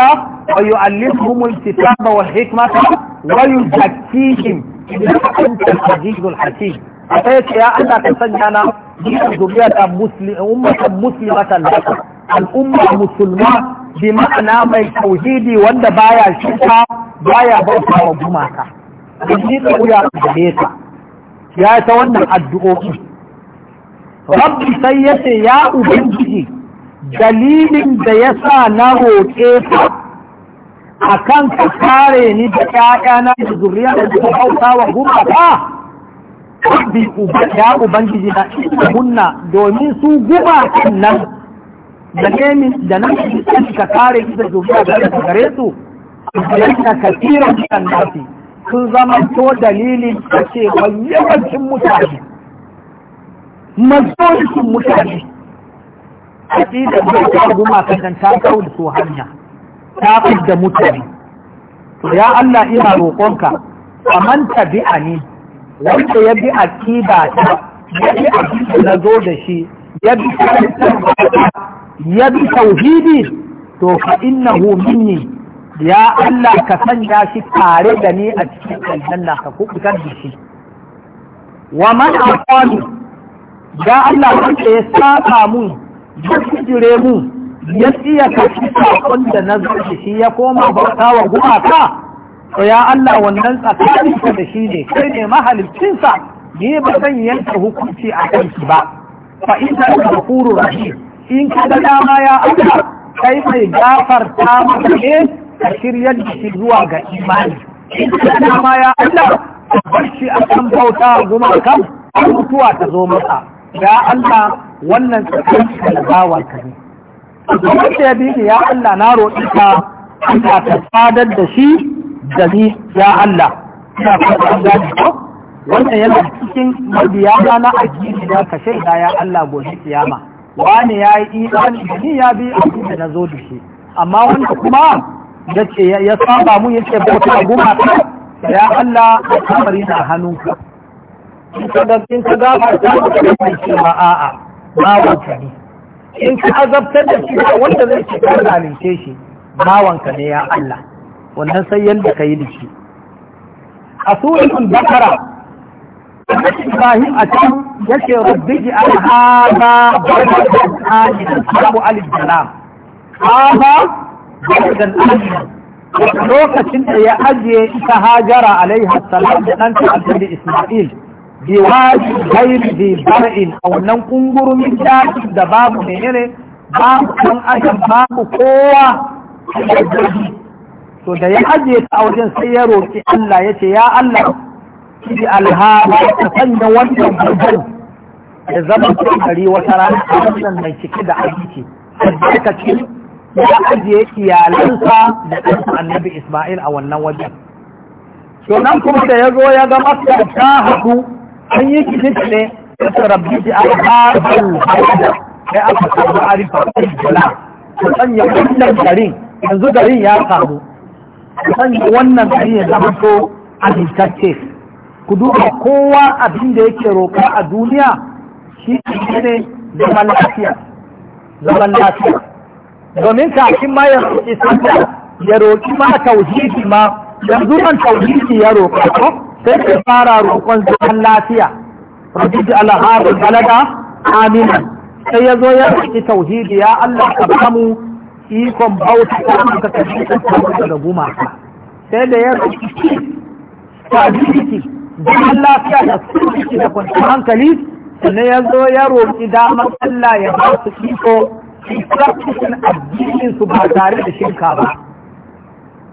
ويؤلفهم الكتاب والحكمة ويزكيهم إنك أنت العزيز الحكيم أتيت يا أنا تسجنا ذرية مسلم أمة مسلمة لك الأمة مسلمة بمعنى من توحيدي وأن بايع الشركة بايع بوتا وجمعك إنك يا أبيك يا تولى الدعوة ربي سيئة يا أبنجي dalilin da ya sa na roƙe ka a kan ka kare ni da ƴaƴana da zuriya da suka hauta wa gumaka bi ya ubangiji na hunna domin su gumakan nan da nemi da nan su ka kare ni da zuriya da suka gare su yana kasiran kan nasi sun zama to dalilin ce wa yawancin mutane majalisar mutane aƙida da ta masu kan ta kawo su hanya ta da mutane ya Allah ina roƙonka a ni. wanda ya bi aƙida ta ya bi aƙida na zo da shi ya bi ya bi tauhidi to fa homin minni ya Allah ka sanya shi tare da ni a cikin aljanna ka kubutar da shi wa man aqami ya Allah wanda ya saba mun ya mu ya iya kashi sakon da na zarfi shi ya koma bauta wa gumaka to ya Allah wannan tsakaninka da shi ne kai ne mahalicinsa ni ba zan yanka hukunci a kanki ba fa in ka da huru rahim in ka dama ya Allah kai mai gafarta maka ne ka shiryar shi zuwa ga imani in ka dama ya Allah ka bar shi a kan bauta gumaka mutuwa ta zo masa ya Allah wannan tsakanin da bawan ka ne wanda ya bi ya Allah na roƙi ka ina ta sadar da shi da ni ya Allah ina fata an gani ko wannan yana cikin mabiya na addini da ka shaida ya Allah gobe kiyama wani ya yi imani da ni ya bi abin da na zo da shi amma wanda kuma ya ce ya saba mu ya ce bauta gumaka ya Allah a kamar yana hannunka in ka ga in ka ga ba ta ba a'a bawanka ne in ka azabtar da shi wanda zai ce ka zalunce shi bawanka ne ya Allah wannan sai yanda ka yi da shi a suratul bakara Ibrahim a can yake rubbiji an haza barkan ajinan abu alif salam haza barkan ajinan lokacin da ya ajiye ita hajara alaihi salam da ɗanta abdul Ismail biwaji gairi bi bar'in a wannan kungurun daji da babu menene babu ɗan adam babu kowa to da ya ajiye ta a wajen sai ya roƙi Allah ya ce ya Allah ki alhaba ka sanya wannan babban ya zama gari wata rana a wannan mai cike da abinci ka ce ya ajiye iyalansa da ɗansa annabi Ismail a wannan wajen. To nan kuma da ya zo ya ga masa ta haɗu an yi kitin ne ta rabbi da al'adar da ya aka samu arifa a jula ta sanya wannan garin yanzu garin ya samu ta sanya wannan garin ya zama a amintacce ku duba kowa abin da yake roƙa a duniya shi ne zaman lafiya zaman lafiya domin kafin ma ya roƙi sanya ya roƙi ma tauhidi ma yanzu man tauhidi ya roƙa ko sai ka fara roƙon zaman lafiya rabbi Allah hadal balada amina sai ya zo ya roƙi tauhidi ya Allah ka samu ikon bauta ka ka kashi ka da gumaka sai da ya roƙi stability zaman lafiya da sulhi da kwanciyar hankali sannan ya zo ya roƙi damar Allah ya ba su iko su tsarkikin addinin su ba tare da shirka ba.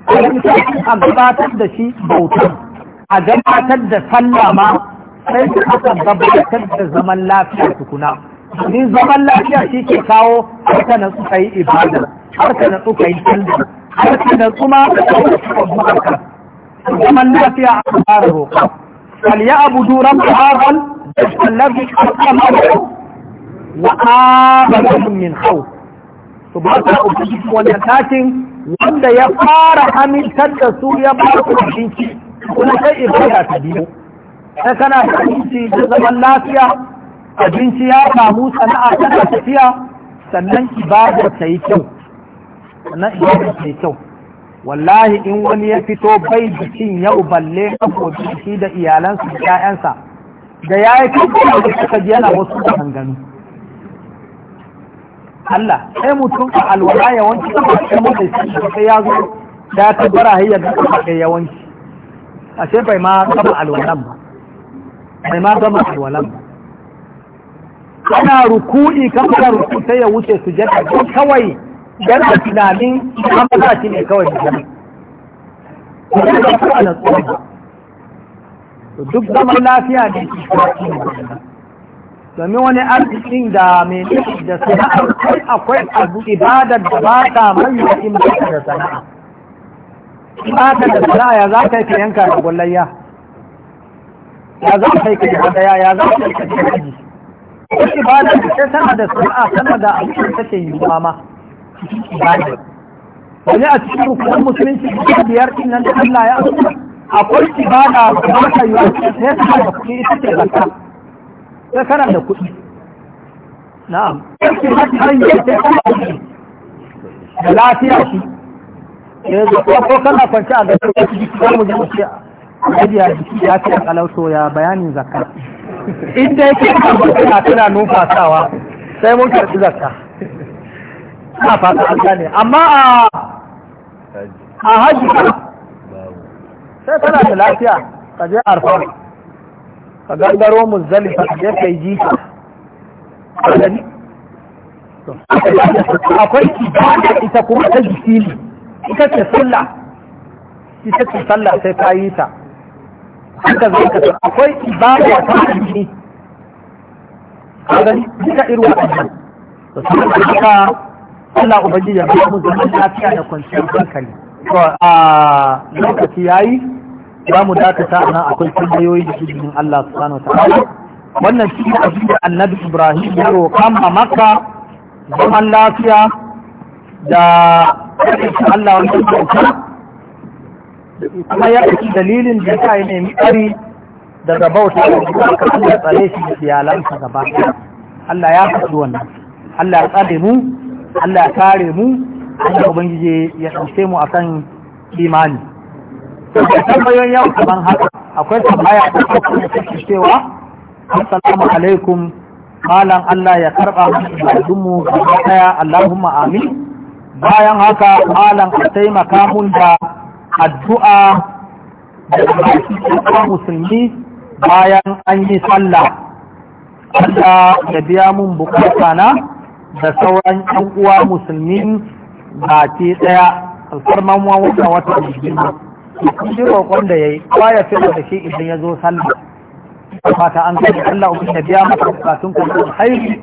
Wani sa'in an gabatar da shi bautar. a gabatar da sallah ma sai su aka gabatar da zaman lafiya tukuna ni zaman lafiya shi ke kawo harka na suka yi ibada harka na suka yi sallah harka na kuma zaman lafiya a fara roƙa فليعبدوا رب هذا الذي خلقهم وآمنهم من خوف subhanahu wa ta'ala wannan takin wanda ya fara amintar da su ya ba su abinci kuma sai ibada ta biyu sai kana da abinci da zaman lafiya abinci ya samu sana'a ta tafiya sannan ibada ta yi kyau sannan ibada ta yi kyau wallahi in wani ya fito bai jikin yau balle makoci shi da iyalansa da 'ya'yansa da ya yi kuma da suka ji yana wasu da hanganu Allah sai mutum a alwala yawanci da ba sai mutum sai ya zo ya tabbara hayya da yawanci ashe bai ma gama alwalan ba bai ma gama alwalan ba ana ruku'i kamar ruku sai ya wuce su jada don kawai yana tunanin kamar shi ne kawai da duk zaman lafiya ne shi domin wani arzikin da mai da sana'ar akwai abu ibadar da ba ta mai da da sana'a ba ka da sana'a ya za ka yi ka yanka da gullayya ya za ka yi ka hadaya ya za ka yi ka haji wani ibada da sai tana da sana'a tana da abin take yi ma ma wani a cikin rukunan musulunci da biyar ɗin nan da Allah ya asuwa akwai ibada da ba ka yi wa sai tana da kuɗi ita ce zakka sai kana da kuɗi na'am sai ki hajji hanyar sai kana da lafiya shi eh ko kana kwance a gaban ka ko mu ji ce Alhaji ya jiki ya ce a kalauto ya bayanin zakka in dai ke a tana numfasawa sai mun karɓi zakka ina fata an gane amma a a haji sai tana da lafiya ka je arfa ka gangaro muzdalifa ka je kai jika akwai ibada ita kuma ta jiki ne ita ce sallah ita ce sallah sai ka yi ta haka zai ka akwai ibada ta a kaga duka irin waɗannan to saboda haka Allah ubangiji ya ba mu zaman lafiya da kwanciyar hankali to a lokaci yayi za mu dakata nan akwai tambayoyi da izinin Allah subhanahu wa ta'ala wannan shi ne abin da Annabi Ibrahim ya roƙa Makka zaman lafiya da da Allah wannan kyauta kuma ya ɗauki dalilin da ya yi nemi tsari daga bauta da kuma ka Allah tsare shi da iyalansa gaba Allah ya faɗi wannan Allah ya tsare mu Allah ya kare mu Allah ubangiji ya ɗauke mu akan imani to da tambayoyin yau kaman haka akwai tambaya ta kuma take cewa assalamu alaikum malam Allah ya karɓa mu da mu gaba ɗaya Allahumma amin bayan haka malam a taimaka mun da addu'a da musulmi bayan an yi sallah Allah da biya mun bukata na da sauran yan uwa musulmi baki alfar mamuwa wata wata jirgin shi roƙon da ya yi Ba ya fi da shi idan ya zo sallah fata an kai Allah ubin da biya maka bukatun kuma haihu.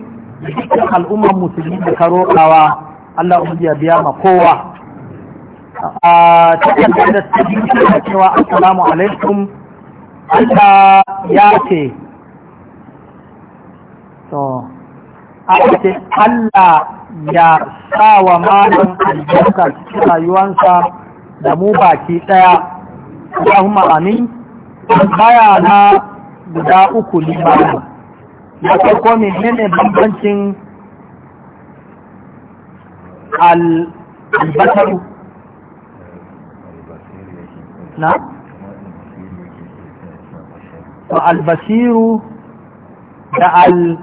da al'ummar musulmi da karokawa Allah ya biya ma kowa a cikin da ta biyu da cewa assalamu alaikum Allah ya ce to a ce Allah ya sa wa malin albarka cikin rayuwansa da mu baki ɗaya kuma amin baya na guda uku limanin ya ne menene bambancin albasaru na? to albasiru da al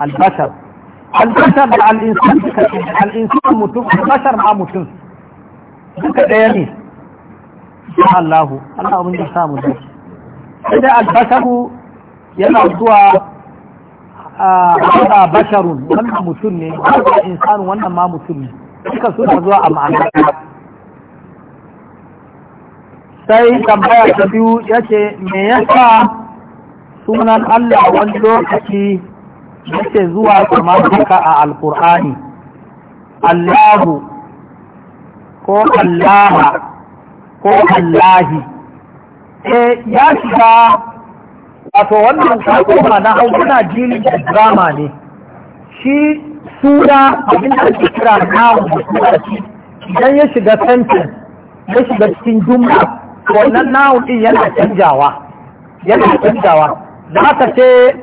albasaru mutum albasar ma mutum duka ne da albasaru yana zuwa a basharun wannan mutum ne wanda insanu wannan ma mutum ne suka suna zuwa a ma'ana sai tambaya ta biyu ya ce me yasa sunan Allah wani lokaci yake zuwa kamar haka a alkur'ani Allahu ko Allaha ko Allahi eh ya shiga wato wannan kakoma na haukuna jini da drama ne shi suna abin da ake kira nawo da sura idan ya shiga sentence ya shiga cikin jumla wannan na din yana canjawa yana canjawa za aka ce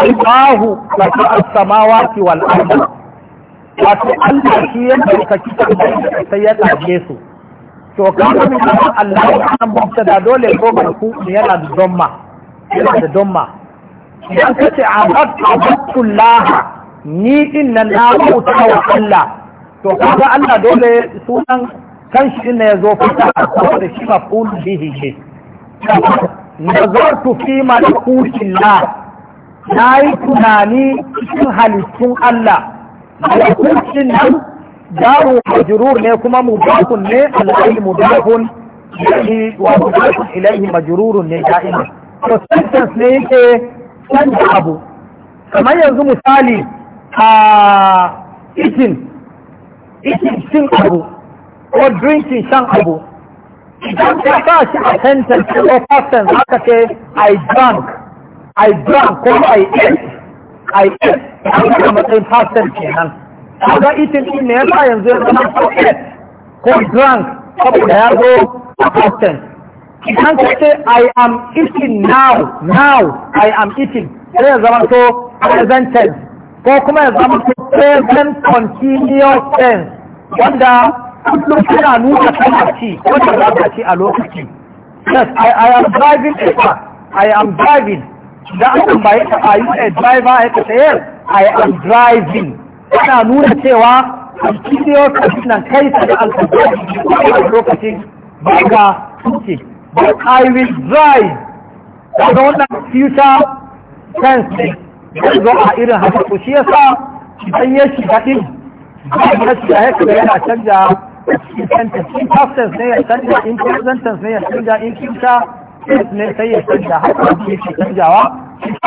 Allahu lafi as-samawati wal ardh wato Allah shi da kaki sai ya tabe su to kaga min Allah ya san da dole ko ne yana da domma yana da domma idan a abadtu Allah ni din nan na bauta wa Allah to kaga Allah dole sunan kan shi ne ya zo yazo fata da shi ma maful bihi ne nazartu fi malakutillah na yi tunani cikin halittun Allah da malakutin nan jaru majrur ne kuma mudafun ne alai mudafun ilaihi wa mudafun ilaihi majrurun ne da'ima to sentence ne yake san abu kamar yanzu misali a itin itin cin abu ko drinking shan abu idan ka sa shi a sentence ko past tense aka ce i drank i drank ko i ate i ate a matsayin past tense kenan kaga itin din ne yasa yanzu ya zama ko drunk saboda ya zo a idan ka ce i am eating now now i am eating sai ya zama to present tense ko kuma ya zama to present continuous tense wanda kullum kana nuna kana ci ko da za ka ci a lokaci yes i i am driving a car i am driving da an tambaye ka are you a driver ka ce yes i am driving yana nuna cewa kibiyo nan kai ta da alfajari a lokacin baka suke but I will drive daga wannan future tense ne zo a irin haka ko shi yasa idan ya shiga din ba shi da haka yana canja in past tense ne ya canja in present tense ne ya canja in future tense ne sai ya canja haka shi ke canjawa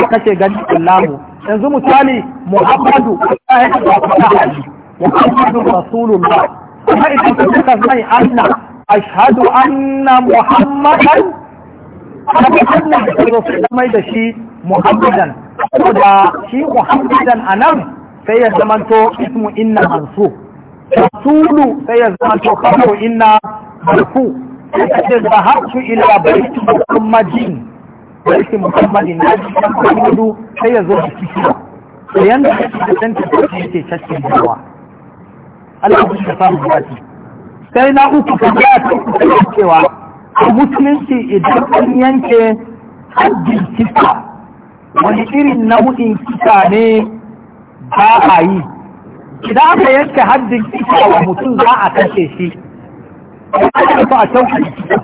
kake ganin Allahu yanzu misali muhammadu ya yi da kuma hali muhammadu rasulullah kuma idan ka suka zai anna ashhadu anna muhammadan kuma anna da rasul mai da shi muhammadan da shi muhammadan anan sai ya zamanto ismu inna hansu. rasulu sai ya zamanto kawo inna marfu sai ka ce zahabtu ila baiti muhammadin rashin muhammadin na ji kan muhammadu sai ya zo da kishiya to yanda kake da san tafiya yake shakkin dawa Allah ya samu baki sai na uku ka ga cikin uku cewa a musulunci idan an yanke haddin kisa wani irin nau'in kisa ne ba a yi idan aka yanke haddin kisa wa mutum za a kashe shi aka so a tauka kisa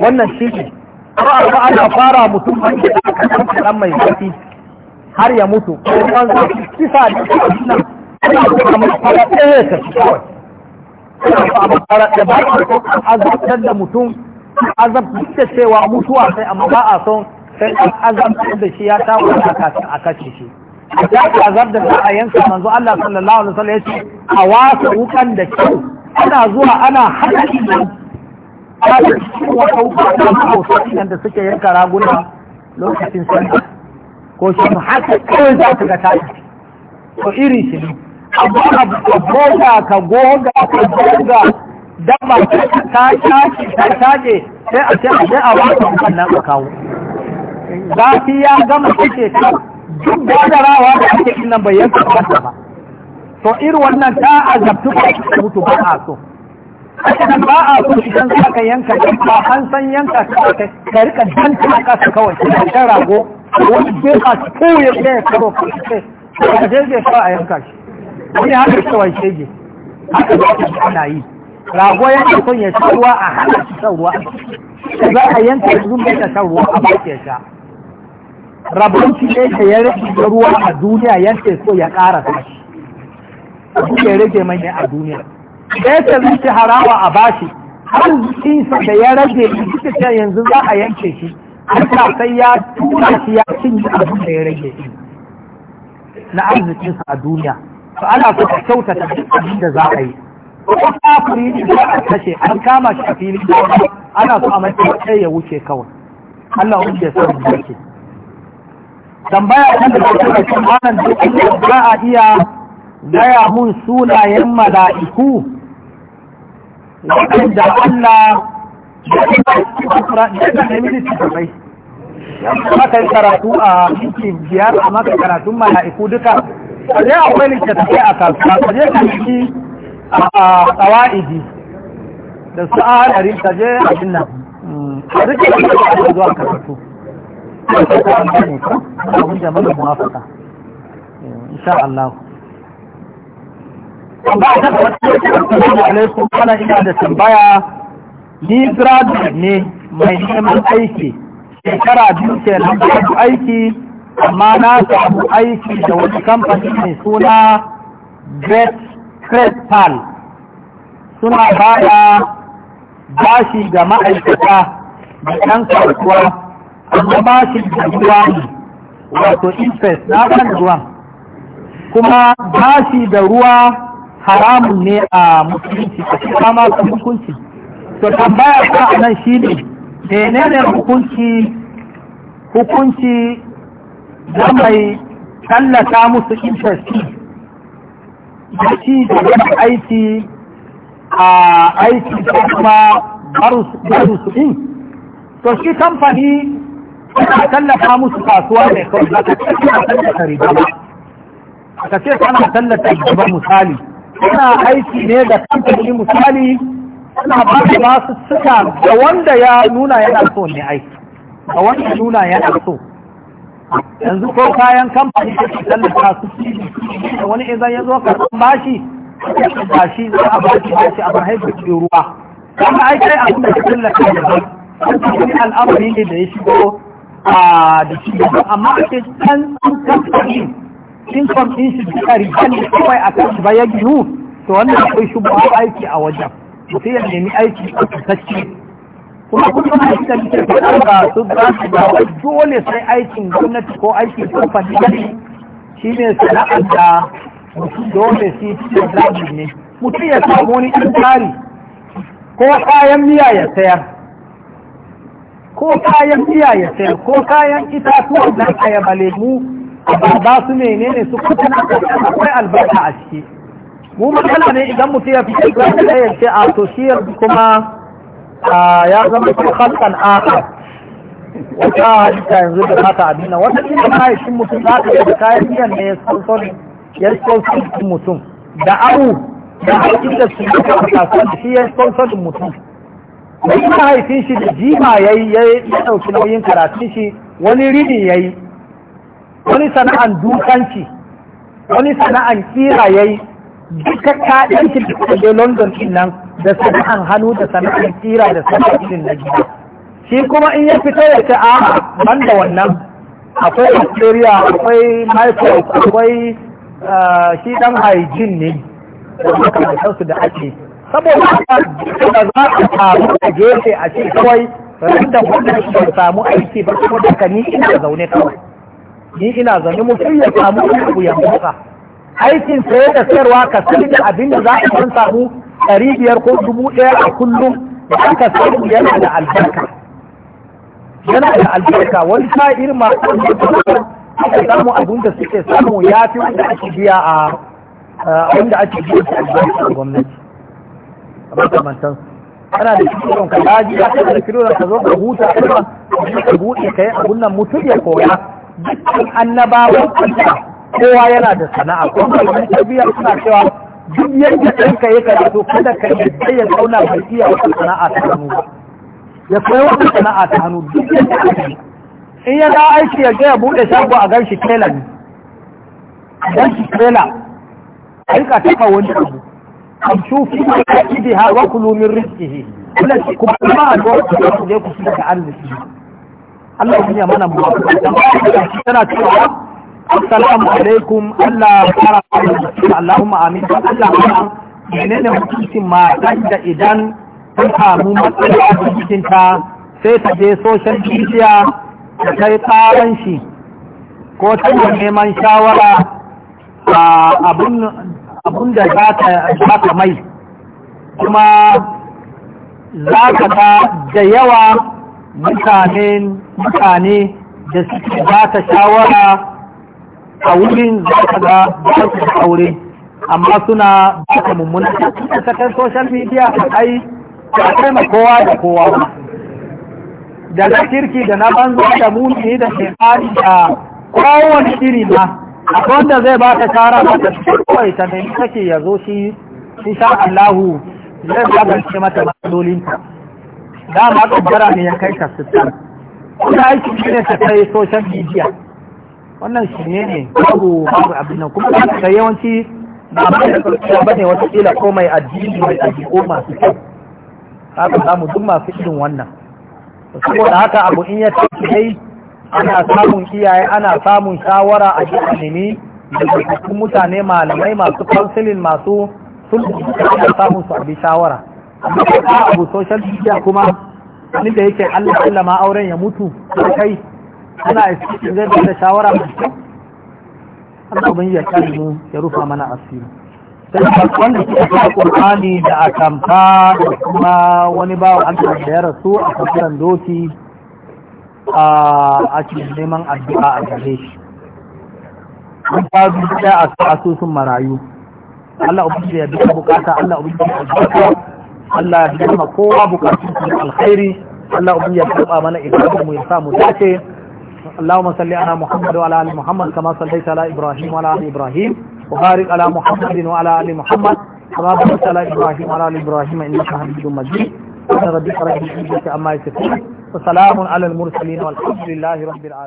wannan shi ne ba ba ana fara mutum an ke da kasan kasan mai zafi har ya mutu ko an zafi sa da shi a ana kuma mai fara ɗaya ta shi kawai da ba a so an azabtar da mutum azabtar da cewa mutuwa sai amma ba a son sai an azabtar da shi ya tawo a kashe shi ya ce azab da za a yanka manzo Allah sallallahu alaihi wasallam ya ce a wasu wukan da kyau ana zuwa ana haɗa kaga cikin wasu da suke yanka raguna lokacin sallah ko shi haka kawai za su ga tashi to iri shi ne abu ka goga ka goga ka goga dama ta tashi ta tashi sai a ce a je a wata wannan ka kawo zafi ya gama kike ta duk gadarawa da ake nan bai yanka ba to irin wannan ta azabtu ka mutu ba a so haka ba a so idan za ka yanka ba an san yanka ka rika danta kasa kawai ka rago wani jefa ko ya ce ya karo ka ce ka je je fa a yanka shi wani haka kawai shege haka za ka ji ana yi rago yana son ya sha a hana shi shan ruwa za a yanka shi zumbi da shan a baki ke sha rabon shi ne ka ya rage ruwa a duniya yanke so ya ƙara sa shi ya rage manya a duniya da ya shi harawa a bashi arzikinsa da ya rage duka ce yanzu za a yanke shi Allah sai ya tura shi ya cinye abin da ya rage shi na arzikinsa a duniya to ana so ka kyautata duk abin da za a yi ko kafiri ne za a kashe an kama shi a filin ana so a mace sai ya wuce kawai Allah wuce ya san da yake tambaya ta da kuma kan duk da ba a iya gaya mun sunayen mala'iku waɗanda Allah ya nemi maka yi karatu a cikin biyar a maka karatun mala'iku duka ka akwai littattafai a kasuwa ka ka yi a tsawa'idi da su a hadari ka je a jinnan a duka da zuwa karatu abin da mana muwafaka insha Allah tambaya ta gaba ta ina da tambaya ni ne mai neman aiki shekara biyu kenan babu aiki amma na samu aiki da wani kamfani mai suna Great Great Pal suna baya bashi ga ma'aikata da ɗan kasuwa amma da ruwa ne wato interest na kan ruwan kuma bashi da ruwa haramun ne a musulunci a cikin ma su hukunci to tambaya ta nan shi ne, shine ne hukunci hukunci da mai tallata musu interest da shi da yana aiki a aiki da kuma barusu din to shi kamfani suna tallafa musu kasuwa ne kawai ba ka ce kana tallata riba ba ka ce kana tallata riba misali suna aiki ne da kamfani misali suna ba su ba su suka da wanda ya nuna yana so ne aiki da wanda nuna yana so yanzu ko kayan kamfani da ke tallata su da wani izan ya zo karɓar bashi ba shi za a ba shi bashi a mahaifin cikin ruwa kuma ai kai abin da ke tallata da kuma al'amari ne da ya shigo a ah, da shi amma ake can kamfani income din shi duka riba ne kawai a kan ba ya ginu to wannan akwai shugaba aiki a wajen mutum ya nemi aiki a kasashe kuma kuma na shi da muke faɗa ba su ba su ba dole sai aikin gwamnati ko aikin kamfani ne shi ne sana'ar da dole shi ta zaɓi ne mutum ya samu wani ɗan tsari ko kayan miya ya sayar ko kayan miya ya sayar ko kayan itatuwan na kayan lemu amma ba su menene su kuma akwai albarka a ciki mu matsala ne idan mutum ya fita ga da ya ce a to shi kuma ya zama shi halkan aka wata halitta yanzu da mata abina wata ina mahaifin mutum za ka da kayan biyan ne ya sponsor ya sponsor mutum da abu da aikin da su yi a kasuwa shi ya sponsor mutum wani mahaifin shi da jima ya yi ya ɗauki nauyin karatun shi wani rini ya yi wani sana'an dukanci wani sana'an kira yayi duka da je London din nan da sana'an hannu da sana'an kira da sana'an irin na gida shi kuma in ya fito ya ce a ban da wannan akwai Australia akwai Microsoft akwai eh, shi dan hygiene ne da makamantarsu da ake saboda da za a samu a gefe a ce kawai da wannan shi samu aiki ba kuma da ni zaune kawai ni ina zaune mutum ya samu abu ya muka aikin saye da sayarwa ka sai da abin da za a san samu ɗari biyar ko dubu ɗaya a kullum da aka samu yana da albarka yana da albarka wani sa irin masu aka samu abin da suke samu ya fi wanda ake biya a wanda ake biya a albarka a gwamnati makamantan ana da cikin ka daji ya kai da kilo ka zo ka huta kuma ka buɗe ka yi abun nan mutum ya koya dukkan annabawan Allah kowa yana da sana'a ko malaman tabiya suna cewa duk yadda ɗanka ya karatu kada ka yi ya zauna bai iya wata sana'a ta hannu ba ya koyi wata sana'a ta hannu duk yanda ake in ya ga aiki ya je ya buɗe shago a gan shi tela ne a gan shi kela a rika taɓa wani abu kan shufi ne ka ibi ha wa kulumin rizkihi kuma kuma a lokacin da ku je ku shiga arziki Allah ya mana mu tana cewa assalamu alaikum Allah fara Allahumma amin Allah menene hukuncin mata da idan ta samu matsala a cikin ta sai ta je social media ta kai tsaron shi ko ta neman shawara a abun da za ta mai kuma za ka da yawa mutane da suke ba ta shawara a wurin za ka ga ba su aure amma suna ba ta mummuna ta kan social media ai ta kai ma kowa da kowa ba da na kirki da na banza da muni da shekari da kowane iri ma a wanda zai ba ta shara ba ta kawai ta nemi take ya zo shi shi sha Allahu zai shi mata matsalolinta dama kabbara ne ya kai ka kuma aiki shi ne ta kai social media wannan shi ne ne babu babu abin nan kuma za yawanci ba ba da karfiya ba ne watakila ko mai addini mai ɗabi'u masu kyau za ka samu duk masu irin wannan saboda haka abu in ya tafi dai ana samun iyaye ana samun shawara a jikin nemi da mutane malamai masu counseling masu sun samun su abin shawara a abu social media kuma wani da yake Allah Allah ma auren ya mutu kai ana cikin zai da shawara mai kyau Allah ban ya kare mu ya rufa mana asiri sai wanda ke da Qur'ani da akamta da kuma wani bawo an da ya rasu a kafiran doki a cikin neman addu'a a gare shi an fadu da asusun marayu Allah ubangiji ya bi bukata Allah ubangiji ya bi Allah ya gama kowa bukatun alkhairi Allah ubi ya karba mana ibadar mu ya sa mu dace اللهم صل على محمد وعلى ال محمد كما صليت على ابراهيم وعلى ال ابراهيم وبارك على محمد وعلى ال محمد كما باركت على ابراهيم وعلى ال ابراهيم انك حميد مجيد ربي اشرح لي صدري عما يصفون وسلام على المرسلين والحمد لله رب العالمين